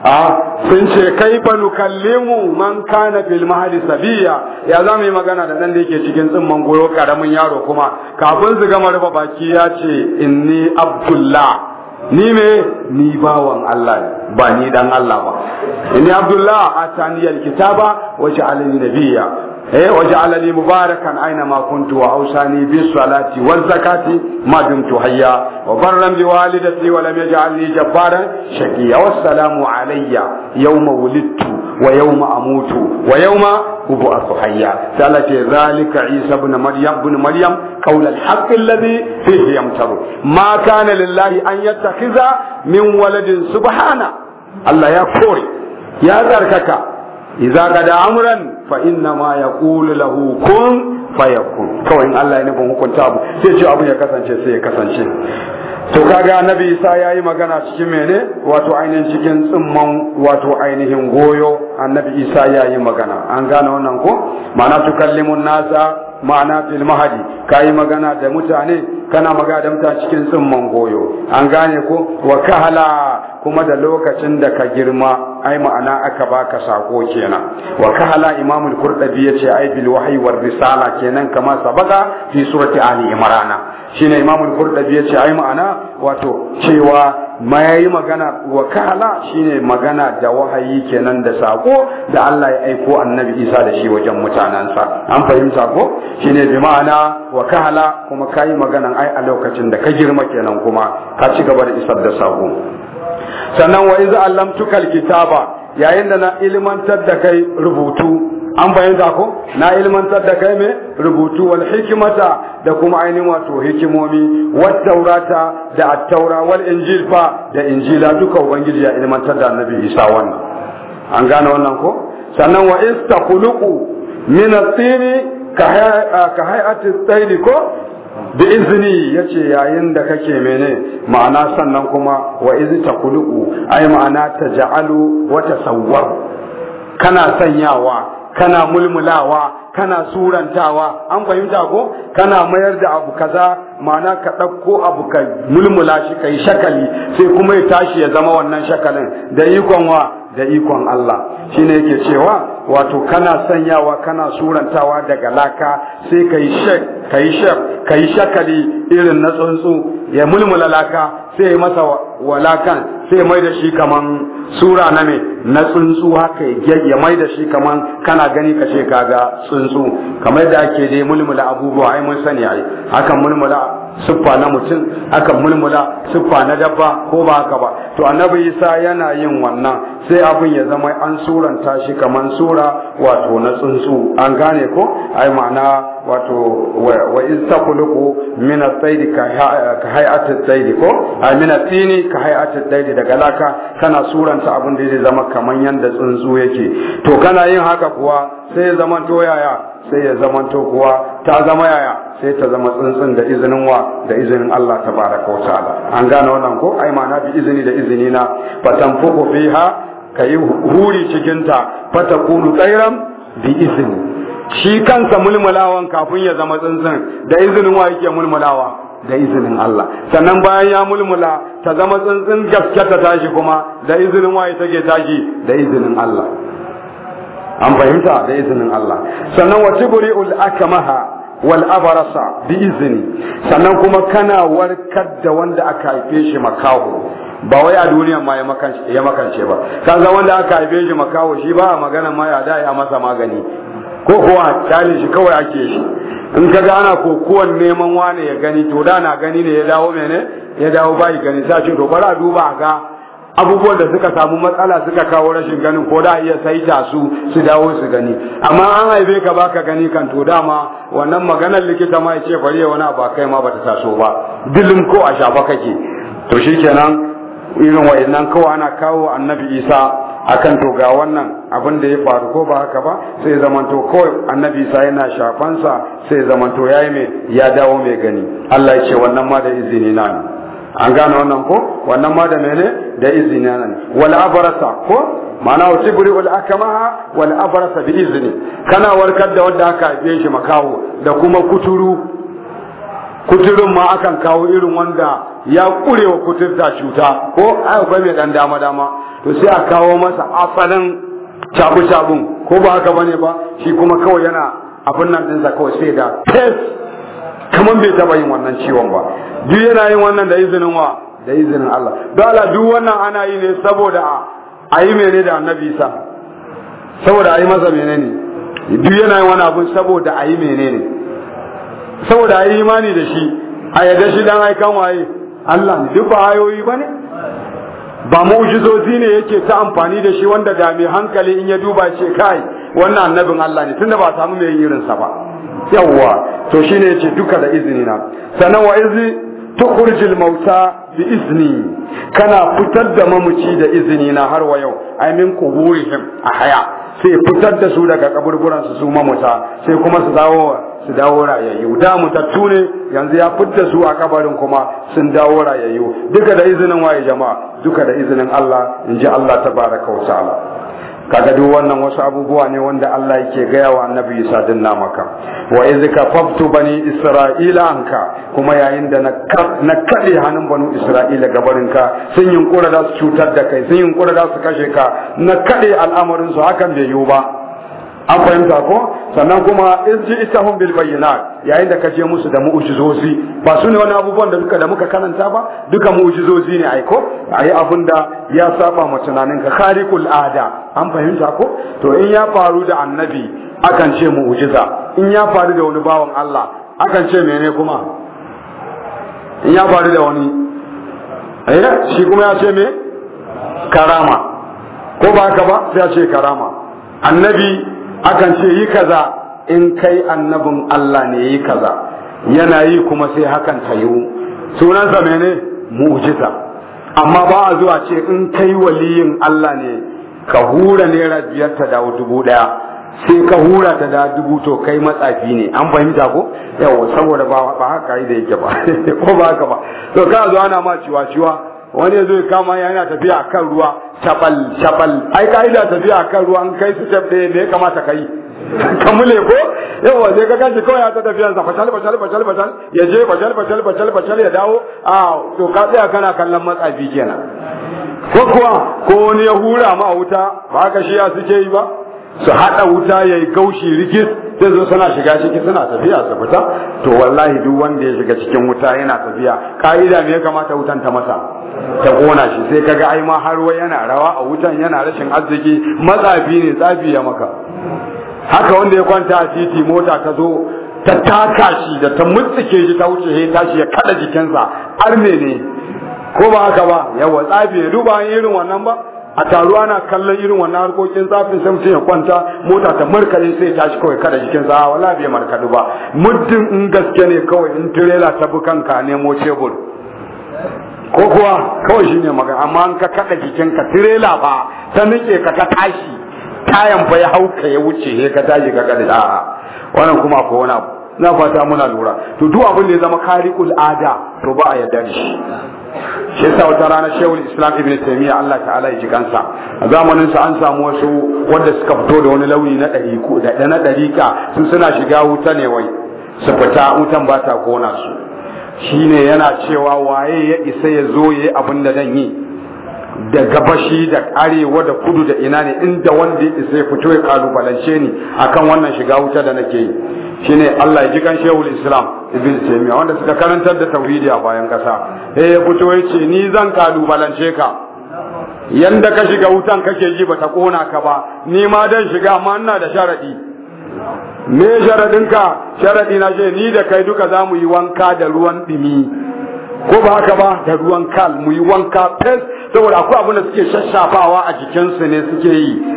a ah, sun ce kai fa nukallimu man kana fil mahali sabiya ya za mu yi magana da nan da yake cikin tsimman goyo karamin yaro kuma kafin su gama rufe baki ya ce inni abdullah ni me ni bawan Allah ba ni dan Allah ba inni abdullah atani kitaba wa ja'alani nabiyya إيه وجعلني مباركا أينما كنت وأوصاني بالصلاة والزكاة ما دمت حيا وبرا بوالدتي ولم يجعلني جبارا شقيا والسلام علي يوم ولدت ويوم أموت ويوم أبعث حيا ثالث ذلك عيسى بن مريم بن مريم قول الحق الذي فيه يمتر ما كان لله أن يتخذ من ولد سبحانه الله يا يكفر يا ذركك إذا قد أمرا fa inna ma yaqulu lahu kun fayakun kawai in Allah ya nufin hukunta abu sai ce abu ya kasance sai ya kasance to kaga annabi Isa yayi magana cikin mene wato ainihin cikin tsimman wato ainihin goyo annabi Isa yayi magana an gane wannan ko ma'ana kallimun nasa ma'ana fil mahadi kayi magana da mutane kana magana da mutane cikin tsimman goyo an gane ko wa kahala kuma da lokacin da ka girma ai ma'ana aka baka sako kenan wa kahala imamu al-qurtubi yace ai bil wahyi war risala kenan kama sabaka fi surati ali imran shine imamu al-qurtubi yace ai ma'ana wato cewa mai magana wa kahala shine magana da wahayi kenan da sako da Allah ya aiko annabi Isa da shi wajen mutanansa an fahimta ko shine bi ma'ana wa kahala kuma kai magana ai a lokacin da ka girma kenan kuma ka ci gaba da isar da sako sannan wa iza tukal kitaba yayin da na ilmantar da kai rubutu an bayyana ko na ilmantar da kai me rubutu wal hikimata da kuma ainihin wato hikimomi wat taurata da at-taura wal injil fa da injila duka ubangiji ya ilmantar da annabi Isa wannan an gane wannan ko sannan wa istaquluqu min at-tini ka hay'ati ko bi izini yace yayin da kake mene ma'ana sannan kuma wa izi taqulu ai ma'ana ja'alu wa tasawwar kana sanyawa kana mulmulawa kana surantawa an fahimta ko kana mayar da abu kaza ma'ana ka ɗauko abu ka mulmula shi kai shakali sai kuma ya tashi ya zama wannan shakalin da ikon wa da ikon Allah shine yake cewa wato kana sanyawa kana surantawa daga laka sai kai shek kai shakali irin na tsuntsu ya mulmula laka sai ya masa walakan sai ya mai shi kaman sura na me na tsuntsu haka ya mai da shi kaman kana gani ka ce kaga tsuntsu kamar da ake dai mulmula abubuwa ai mun sani ai akan mulmula siffa na mutum akan mulmula siffa na dabba ko ba haka ba to annabi isa yana yin wannan sai abin ya zama an suranta shi kaman sura wato na tsuntsu an gane ko ai ma'ana wato wa in takhluqu min at ka hay'at at ko min at-tini ka hay'at at daga laka kana suranta abin da zai zama kamar yanda tsuntsu yake to kana yin haka kuwa sai ya zama to yaya sai ya zama to kuwa ta zama yaya sai ta zama tsuntsun da izinin wa da izinin Allah tabaraka wa ta'ala an gane wannan ko ai ma'ana bi izini da izini na fatanfuku fiha kayi huri cikin ta fatakunu tsairan bi izini shi kansa mulmulawan kafin ya zama tsuntsun da izinin wa yake mulmulawa da izinin Allah sannan bayan ya mulmula ta zama tsuntsun gaske ta tashi kuma da izinin waye take tashi da izinin Allah an fahimta da izinin Allah sannan wa tibri'ul akmaha wal abarasa bi izini sannan kuma kana warkar da wanda aka haife shi makaho ba wai a duniya ma ya makance ba kaga wanda aka haife shi makaho shi ba magana ma ya da ya masa magani ko kuwa kyale shi kawai ake shi in ka gana ana kokuwan neman wane ya gani to da na gani ne ya dawo mene ya dawo bai gani sai to bara a duba ga abubuwan da suka samu matsala suka kawo rashin ganin ko da iya saita su su dawo su gani amma an haife ka baka gani kan to dama wannan maganar likita ma ya ce bari ya wani ba kai ma bata taso ba dilin ko a shafa kake to shikenan irin wa'annan kawai ana kawo annabi Isa akan to ga wannan abin da ya faru ko ba haka ba sai zamanto kawai annabi sa yana shafansa sai zamanto yayi mai ya dawo mai gani Allah ya ce wannan ma da izini na ne. an gane wannan ko wannan ma da mene da izini na ne wal abrasa ko ma'ana wa tibri wal akamaha wal abrasa bi izini. kana warkar da wanda aka haife shi makawo da kuma kuturu kuturun ma akan kawo irin wanda ya kurewa kuturta cuta ko ai akwai mai dan dama dama to sai a kawo masa asalin cabu-cabun ko ba haka bane ba shi kuma kawai yana abin nan ɗinsa kawai sai da. test kamar bai taɓa yin wannan ciwon ba duk yana yin wannan da izinin wa da izinin Allah dole duk wannan ana yi ne saboda a yi mene da annabi sa saboda a yi masa menene duk yana yin wani abin saboda a yi menene saboda a yi imani da shi a yadda shi dan aikan waye Allah duk ba ayoyi ba ne ba mu'jizozi ne yake ta amfani da shi wanda da mai hankali in ya duba shi kai wannan annabin Allah ne tunda ba samu mai irin sa ba yawa to shine yace duka da izini na sanan wa izi tukhrijul mauta bi izni kana fitar da mamuci da izini na har wa yau ai min kuburihim a haya sai fitar da su daga kaburburan su su mamuta sai kuma su dawo su dawo rayayyu da mutattu ne yanzu ya fitta su a kabarin kuma sun dawo rayayyu duka da izinin waye jama'a duka da izinin Allah in ji Allah tabaraka wa ta'ala kaga duk wannan wasu abubuwa ne wanda Allah yake gaya wa annabi Isa din namaka wa izka fabtu bani isra'ila anka kuma yayin da na kade hannun banu isra'ila ka, sun yunkura da su cutar da kai sun yunkura da su kashe ka na kade al'amarin su hakan bai yiwu ba an fahimta ko sannan kuma in ji hun bil bayyana yayin da ka je musu da mu'jizozi ba su ne wani abubuwan da duka da muka karanta ba duka mu'jizozi ne ai ko ayi abin da ya saba ma tunanin ka khariqul ada an fahimta ko to in ya faru da annabi akan ce mu'jiza in ya faru da wani bawan Allah akan ce mene kuma in ya faru da wani eh shi kuma ya ce me karama ko ba ka ba sai ya ce karama annabi akan ce yi kaza in kai annabin Allah ne yi kaza yana yi kuma sai hakan ta yiwu sunansa mene mu'jiza amma ba a zuwa ce in kai waliyin Allah ne ka hura naira biyar ta dawo dubu daya sai ka hura ta da dubu to kai matsafi ne an fahimta ko yawa saboda ba haka da yake ba ko ba haka ba to ka zo ana ma ciwa ciwa wani ya zo ya kama yana tafiya a kan ruwa shabal shabal ai ka'ida tafiya a kan ruwa an kai su tab ɗaya ya kamata ka yi kamule ko yawa sai ka gashi kawai ya ta tafiya sa fashal fashal fashal fashal ya je fashal fashal fashal ya dawo a to ka tsaya kana kallon matsafi kenan ko kuwa ko wani ya hura ma wuta ba ka shi ya suke yi ba su haɗa wuta ya yi kaushi rikis sai zo suna shiga ciki suna tafiya su fita to wallahi duk wanda ya shiga cikin wuta yana tafiya ka'ida me ya kamata wutan ta masa ta kona shi sai kaga ai ma har yana rawa a wutan yana rashin arziki matsafi ne tsafi ya maka haka wanda ya kwanta a titi mota ta zo ta taka shi da ta mutsike shi ta wuce sai tashi ya kada jikinsa arme ne ko ba haka ba yawa tsafi ya duba irin wannan ba a taruwa na kallon irin wannan harkokin zafin sai mutum ya kwanta mota ta markare sai tashi kawai kada jikin sa wala bai markadu ba muddin in gaske ne kawai in tirela ta bi kanka nemo cebur ko kuwa kawai shine magana amma an ka kada jikin ka tirela ba ta nike ka ta tashi tayan fa ya hauka ya wuce he ka tashi ka kada a'a wannan kuma ko wani abu na fata muna lura to duk abin da ya zama kariqul ada to ba a yarda da shi shi yasa wata rana shehul islam ibn taymiya Allah ta'ala ya ji kansa a zamanin su an samu wasu wanda suka fito da wani launi na ko da na sun suna shiga wuta ne wai su fita wutan ba ta kona su shine yana cewa waye ya isa ya zo yayi abin da zan yi da gabashi da arewa da kudu da ina ne inda wanda ya isa ya fito ya kalubalance ni akan wannan shiga wuta da nake yi shine Allah ya ji kan Shehul Islam Ibn Taymiyyah wanda suka karantar da tauhidi a bayan kasa eh ya fito yace ni zan kalubalance ka yanda ka shiga wutan kake ji ta kona ka ba ni ma dan shiga amma ina da sharadi me sharadin ka sharadi na ce ni da kai duka zamu yi wanka da ruwan dumi ko ba haka ba da ruwan kal mu yi wanka fes saboda akwai abin da suke shashafawa a jikinsu ne suke yi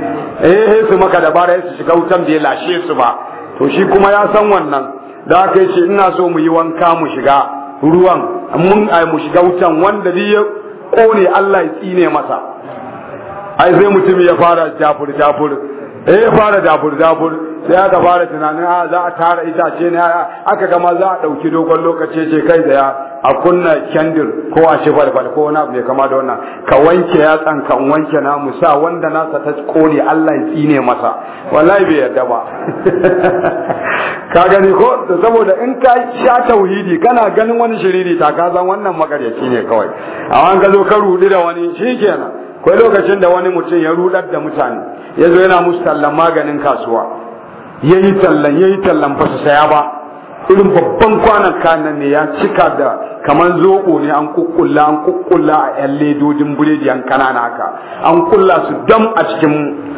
eh su maka dabara su shiga wutan da ya lashe su ba to shi kuma ya san wannan da aka yi ce ina so mu yi wanka mu shiga ruwan mun ai mu shiga wutan wanda zai ya kone Allah ya tsine masa ai sai mutum ya fara jafur jafur eh ya fara dabur dabur sai aka fara tunanin a ah, za a tara itace ne aka gama za a ɗauki dogon lokaci ce kai da a kunna kyandir ko a ce falfal ko wani abu kama da wannan ka wanke yatsan kan wanke namu sa wanda nasa ta kone Allah ya tsine masa wallahi bai yarda ba ka gani ko saboda in ka sha tauhidi kana ganin wani shiriri ta ka san wannan magaryaci ne kawai amma ka zo ka rudi da wani shikenan kai lokacin da wani mutum ya rudar da mutane ya zo yana musu tallan maganin kasuwa ya yi tallan ya yi tallan ba su saya ba irin babban kwanan kanan ne ya cika da kamar zoɓo ne an kukkulla an kukkulla a yan ledojin buredi an kanana haka an kulla su dam a cikin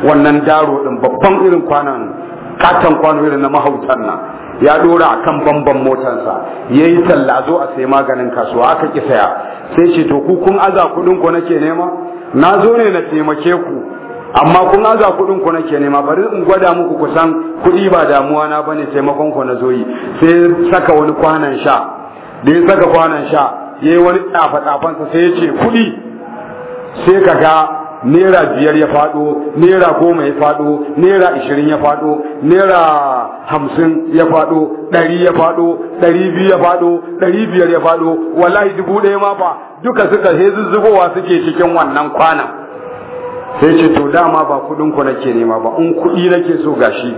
wannan daro din babban irin kwanan katon kwano irin na mahautan nan ya dora kan bamban motarsa ya yi talla zo a sai maganin kasuwa aka ki saya sai ce to ku kun aza kuɗin ku nake nema na zo ne na taimake ku amma kun aza kuɗin ku nake nema bari in gwada muku kusan kuɗi ba damuwa na bane taimakon ku na zoyi sai saka wani kwanan sha da ya saka kwanan sha ya yi wani tsafa sa sai ya ce kuɗi sai ka ga naira biyar ya faɗo naira goma ya faɗo naira ishirin ya faɗo naira hamsin ya faɗo ɗari ya faɗo ɗari biyu ya faɗo ɗari biyar ya faɗo wallahi dubu ɗaya ma fa duka suka he suke cikin wannan kwanan sai ce to dama ba kudin ku nake nema ba in kudi nake so gashi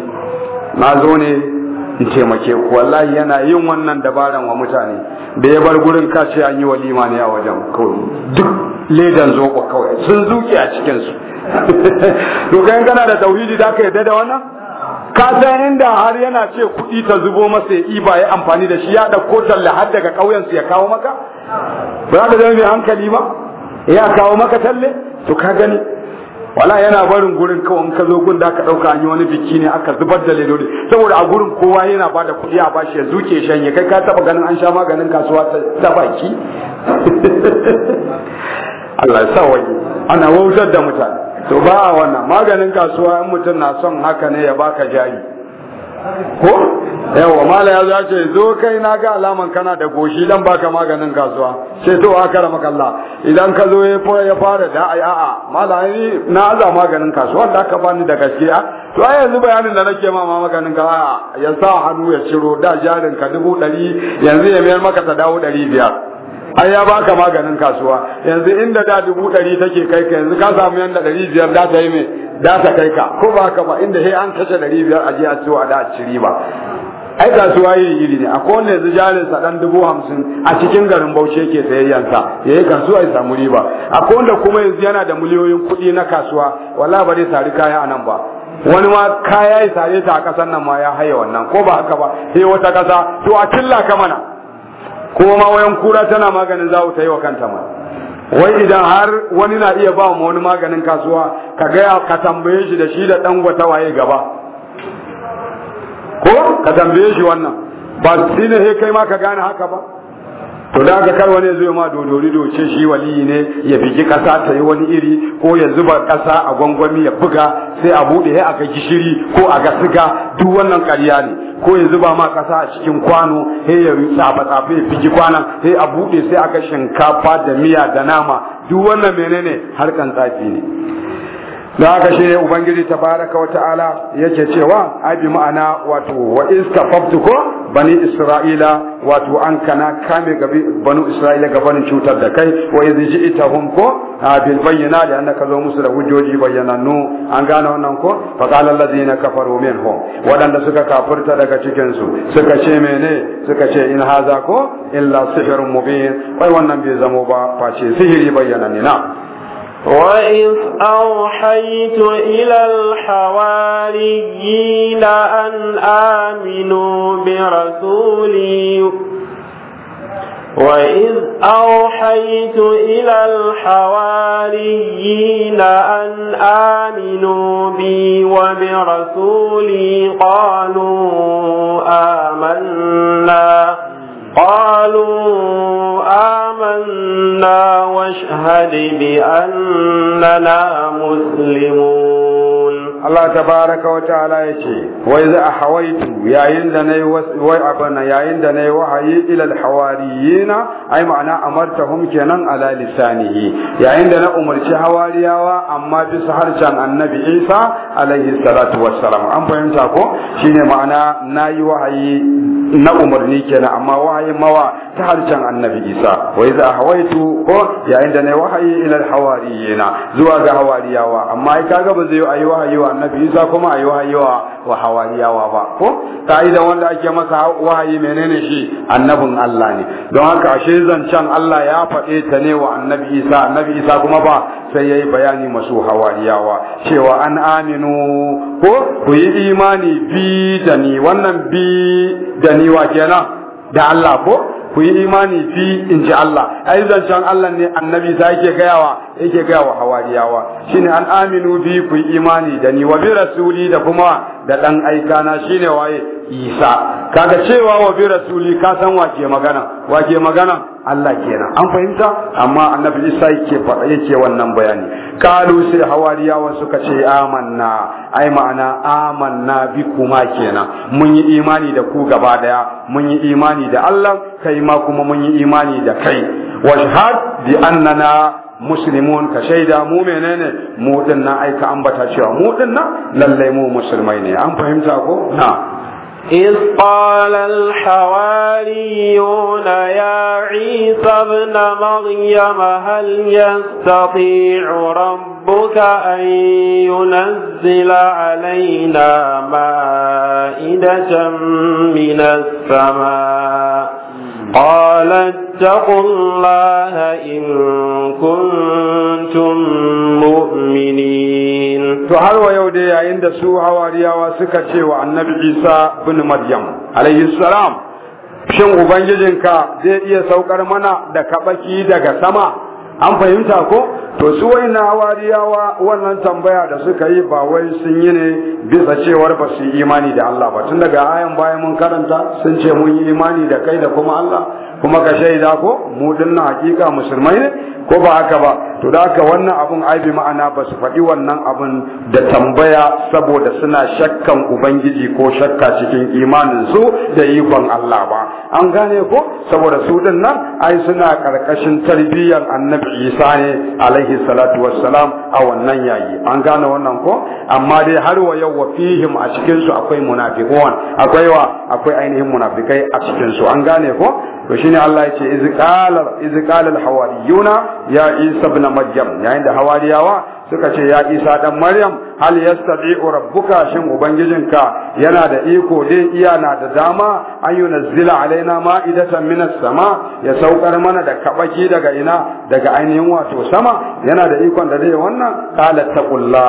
na zo ne in taimake ku wallahi yana yin wannan dabaran wa mutane da ya bar gurin ce an yi walima ne a wajen kawai duk ledan zoba kawai sun zuke a cikin su to kai kana da tauhidi da ka yarda da wannan ka san inda har yana ce kuɗi ta zubo masa ya iba ya amfani da shi ya ɗauko talla har daga kauyen su ya kawo maka ba za ka zama mai hankali ba ya kawo maka talle to ka gani wala yana barin gurin kawai in ka zo gun da ka dauka an yi wani biki ne aka zubar da ledodi saboda a gurin kowa yana ba da kuɗi a bashi ya zuke shanye kai ka taba ganin an sha maganin kasuwa ta baki Allah sa waje ana wautar da mutane to ba wannan maganin kasuwa in mutum na son haka ne ya baka jari ko yawa mala ya ce, zo kai na ga alaman kana da goshi dan baka maganin kasuwa sai to aka rama kalla idan ka zo ya fara da ai a'a mala ni na aza maganin kasuwa da ka bani da gaskiya to ai yanzu bayanin da nake ma maganin ka ya sa hannu ya ciro da jarin ka dubu ɗari yanzu ya mayar maka ta dawo ɗari biyar ai ya baka maganin kasuwa yanzu inda da dubu ɗari take kai ka yanzu ka samu yanda ɗari biyar da ta yi mai da ta kai ka ko ba ka ba inda sai an kashe ɗari biyar a je a ciwo a da a ba ai kasuwa yi iri ne a kowane yanzu jarin sa dan dubu hamsin a cikin garin Bauchi yake sayayyansa ya yi kasuwa ya samu riba a wanda kuma yanzu yana da miliyoyin kuɗi na kasuwa wallahi ba zai sari kaya a nan ba wani ma kaya ya sare ta a ƙasar nan ma ya haye wannan ko ba haka ba sai wata ƙasa to a killa ka mana ko wayan kura tana maganin zawo ta yi wa kanta ma wai idan har wani na iya ba mu wani maganin kasuwa ka gaya ka tambaye shi da shi da dan gwata waye gaba ko ka tambaye shi wannan ba shi ne kai ma ka gane haka ba to da aka kar wani zai ma dodori doce shi waliyi ne ya bigi kasa ta yi wani iri ko ya zuba kasa a gwangwami ya buga sai a bude ya aka gishiri ko a ga siga duk wannan ƙarya ne ko ya zuba ma kasa a cikin kwano sai ya tsafa tsafa ya bigi kwanan sai a buɗe sai aga shinkafa da miya da nama duk wannan menene harkan tsafi ne da aka shi ne ubangiji baraka wa ta'ala yake cewa ai ma'ana wato wa istafaftu ko bani isra'ila wato an kana kame gabi banu isra'ila gabanin cutar da kai wa ita ji'tahum ko bil bayyana da an zo musu da hujjoji bayyanannu an gane wannan ko fa qala allazina kafaru minhum wadanda suka kafirta daga cikin su suka ce mene suka ce in haza ko illa sihrun mubin wai wannan bai zama ba face sihiri ne na وإذ أوحيت إلى الحواريين أن آمنوا برسولي وإذ أوحيت إلى الحواريين أن آمنوا بي وبرسولي قالوا آمنا قالوا آمنا واشهد بأننا مسلمون Allah tabaraka wa ta'ala yace wa idza ahawaitu yayin da na yi wai abana yayin da na yi wahayi ila na, ai ma'ana amartahum kenan ala lisanihi yayin da na umarci hawariyawa amma bisa harshen annabi Isa alaihi salatu wa wassalam an fahimta ko shine ma'ana na yi wahayi na umarni kenan amma wahayi mawa ta harshen annabi Isa wai wa idza ahawaitu ko yayin da na yi wahayi ila na, zuwa ga hawariyawa amma ai kaga ba zai yi wahayi wa annabi isa kuma a yi wa hawariyawa ba ko ka'idan wanda ake masa wahayi menene shi annabin Allah ne don haka ashe zancen Allah ya faɗe ta ne wa annabi isa annabi isa kuma ba sai yayi bayani masu hawariyawa cewa an aminu ko ku yi imani bi da ni wannan bi da ni wa kenan da Allah ko ku yi imani fi in ji Allah ai zancen Allah ne annabi ta yake gayawa yake gayawa hawariyawa ne an aminu bi ku yi imani da ni wa bi rasuli da kuma da ɗan aika na shine waye Isa kaga cewa wa bi rasuli ka san wake magana wake magana Allah kenan an fahimta amma annabi Isa yake yake wannan bayani kalu sai hawariyawa suka ce amanna ai ma'ana amanna kuma kenan mun yi imani da ku gaba daya mun yi imani da Allah kai ma kuma mun yi imani da kai washhad bi annana muslimun ka shaida mu menene mu din na aika ambata cewa mu din na lalle mu musulmai ne an fahimta ko na إذ قال الحواريون يا عيسى ابن مريم هل يستطيع رب ربك أن ينزل علينا مائدة من السماء قال اتقوا الله إن كنتم مؤمنين فهل ويودي عند سوء وريا وسكتي وعن نبي عيسى بن مريم عليه السلام shin ubangijinka zai iya saukar mana da kabaki daga sama an fahimta ko to su na wariyawa wannan tambaya da suka yi ba wai sun yi ne bisa cewar ba su imani da Allah ba tun daga ayan bayan mun karanta sun ce mun yi imani da kai da kuma Allah kuma ka shaida ko mu dinnan hakika musulmai ne ko ba haka ba to da haka wannan abun aibi ma'ana ba su faɗi wannan abun da tambaya saboda suna shakkan ubangiji ko shakka cikin imanin su da ikon Allah ba an gane ko saboda su din nan ai suna karkashin tarbiyyar annabi isa ne alaihi salatu wassalam a wannan yayi an gane wannan ko amma dai har wa yau wa fihim a cikin su akwai munafiqun akwai wa akwai ainihin munafikai a cikin su an gane ko to shine Allah ya ce iz qala iz qala al hawariyuna ya isa ibn maryam yayin da hawariyawa suka ce ya isa dan maryam hal yastati'u rabbuka shin ubangijinka yana da iko dai eh, iya na da dama an zila alaina ma'idatan minas sama ya saukar mana da kabaki daga ina daga ainihin wato sama yana da ikon da dai wannan qala taqulla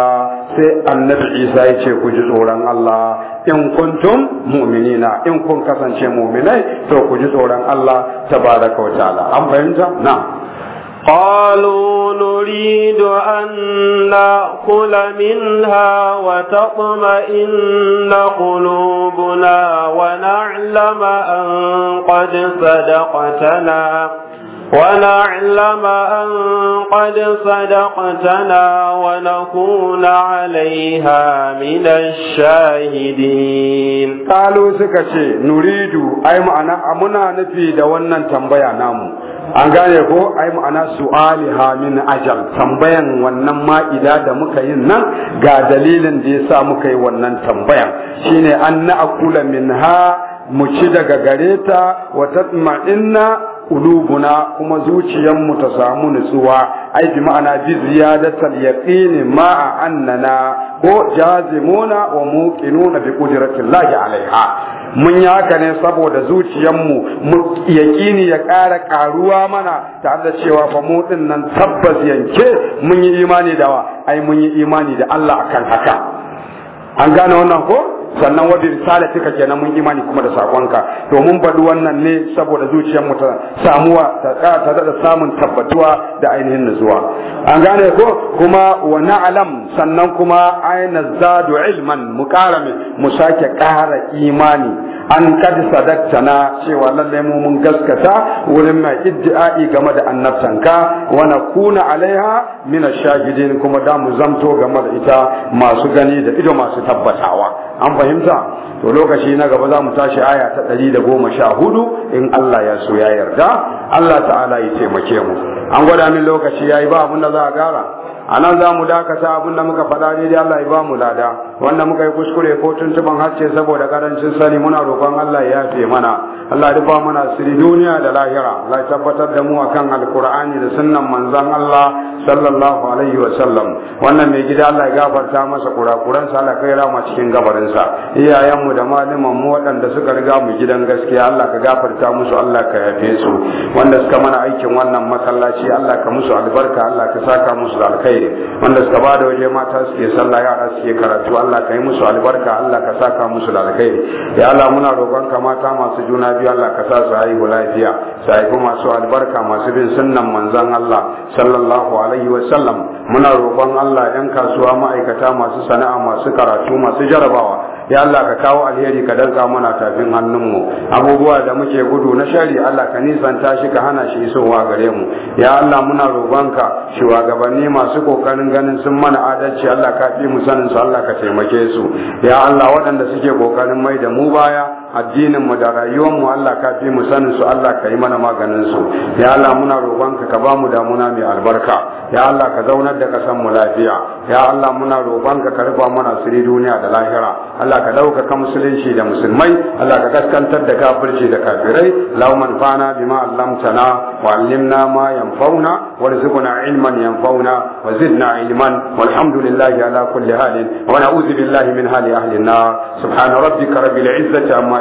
sai annabi isa ya ce ku ji tsoron Allah in kuntum mu'minina in kun kasance mu'minai to ku ji tsoron Allah tabaraka wa ta'ala an fahimta na'am قالوا نريد أن نأكل منها وتطمئن قلوبنا ونعلم أن قد صدقتنا ونعلم أن قد صدقتنا ونكون عليها من الشاهدين قالوا سكتي نريد أي معنى أمنا نفيد وننتم بيانامو an gane ko ai ma'ana su'aliha min ajal tambayan wannan ma'ida da muka yin nan ga dalilin da ya sa muka yi wannan tambayan shine an min minha mu ci daga gareta wa tatma'inna ulubuna kuma zuciyanmu ta samu nutsuwa ai bi ma'ana bi ziyadatal yaqin ma annana ko jazimuna wa muqinuna bi qudratillahi alaiha mun yi haka ne saboda zuciyarmu mu yaƙini ya ƙara ƙaruwa mana tare da cewa fa mu nan tabbas yanke mun yi imani da wa ai mun yi imani da Allah akan haka an gane wannan ko sannan wa risalatika kenan mun imani kuma da sakonka to mun wannan ne saboda zuciyar mu ta samuwa ta da samun tabbatuwa da ainihin nazuwa an gane ko kuma wa na'lam sannan kuma aina zadu ilman mu ƙara mu sake ƙara imani an kad sadaktana cewa lalle mu mun gaskata wurin mai iddi'ai game da annabtanka wa nakuna alaiha min ash-shahidin kuma da mu zamto game da ita masu gani da ido masu tabbatawa an fahimta to lokaci na gaba za mu tashi aya ta ɗari da goma sha hudu in Allah ya so ya yarda Allah ta'ala ya taimake mu an gwada min lokaci ya yi ba abin da za a gara a nan za mu dakata abin da muka faɗa daidai Allah ya ba mu lada wanda muka yi kuskure ko tuntuban harce saboda karancin sani muna roƙon Allah ya yafe mana Allah ya rufa mana siri duniya da lahira la tabbatar da mu akan alkur'ani da sunnan manzon Allah sallallahu alaihi wa sallam wannan mai gida Allah ya gafarta masa kurakuran sa Allah kai rama cikin gabarin sa iyayen mu da malaman mu waɗanda suka riga mu gidan gaskiya Allah ka gafarta musu Allah ka yafe su wanda suka mana aikin wannan masallaci Allah ka musu albarka Allah ka saka musu da alkhairi wanda suka bada waje mata suke sallah yara suke karatu Allah ka yi musu albarka Allah ka saka musu da alkhairi ya Allah muna roƙon ka mata masu juna lafiya Allah ka sa su haihu lafiya su haifi masu albarka masu bin sunnan manzan Allah sallallahu alaihi wa sallam muna roƙon Allah yan kasuwa ma'aikata masu sana'a masu karatu masu jarabawa ya Allah ka kawo alheri ka danka mana tafin hannunmu abubuwa da muke gudu na shari Allah ka nisanta shi ka hana shi isowa gare mu ya Allah muna roƙonka shugabanni masu kokarin ganin sun mana adalci Allah ka fi mu sanin su Allah ka taimake su ya Allah waɗanda suke kokarin mai da mu baya addinin mu da rayuwar mu Allah ka fi mu sanin su Allah ka yi mana maganin su ya Allah muna roƙonka ka ba mu damuna mai albarka ya Allah ka zaunar da kasan mu lafiya ya Allah muna roƙonka ka rufa mana siri duniya da lahira Allah ka dauka ka musulunci da musulmai Allah ka kaskantar da kafirci da kafirai lauman fana bima allamtana wa allimna ma yanfauna warzuqna ilman yanfauna wa zidna ilman walhamdulillahi ala kulli halin wa na'udzu billahi min hali ahli an-nar subhana rabbika rabbil izzati amma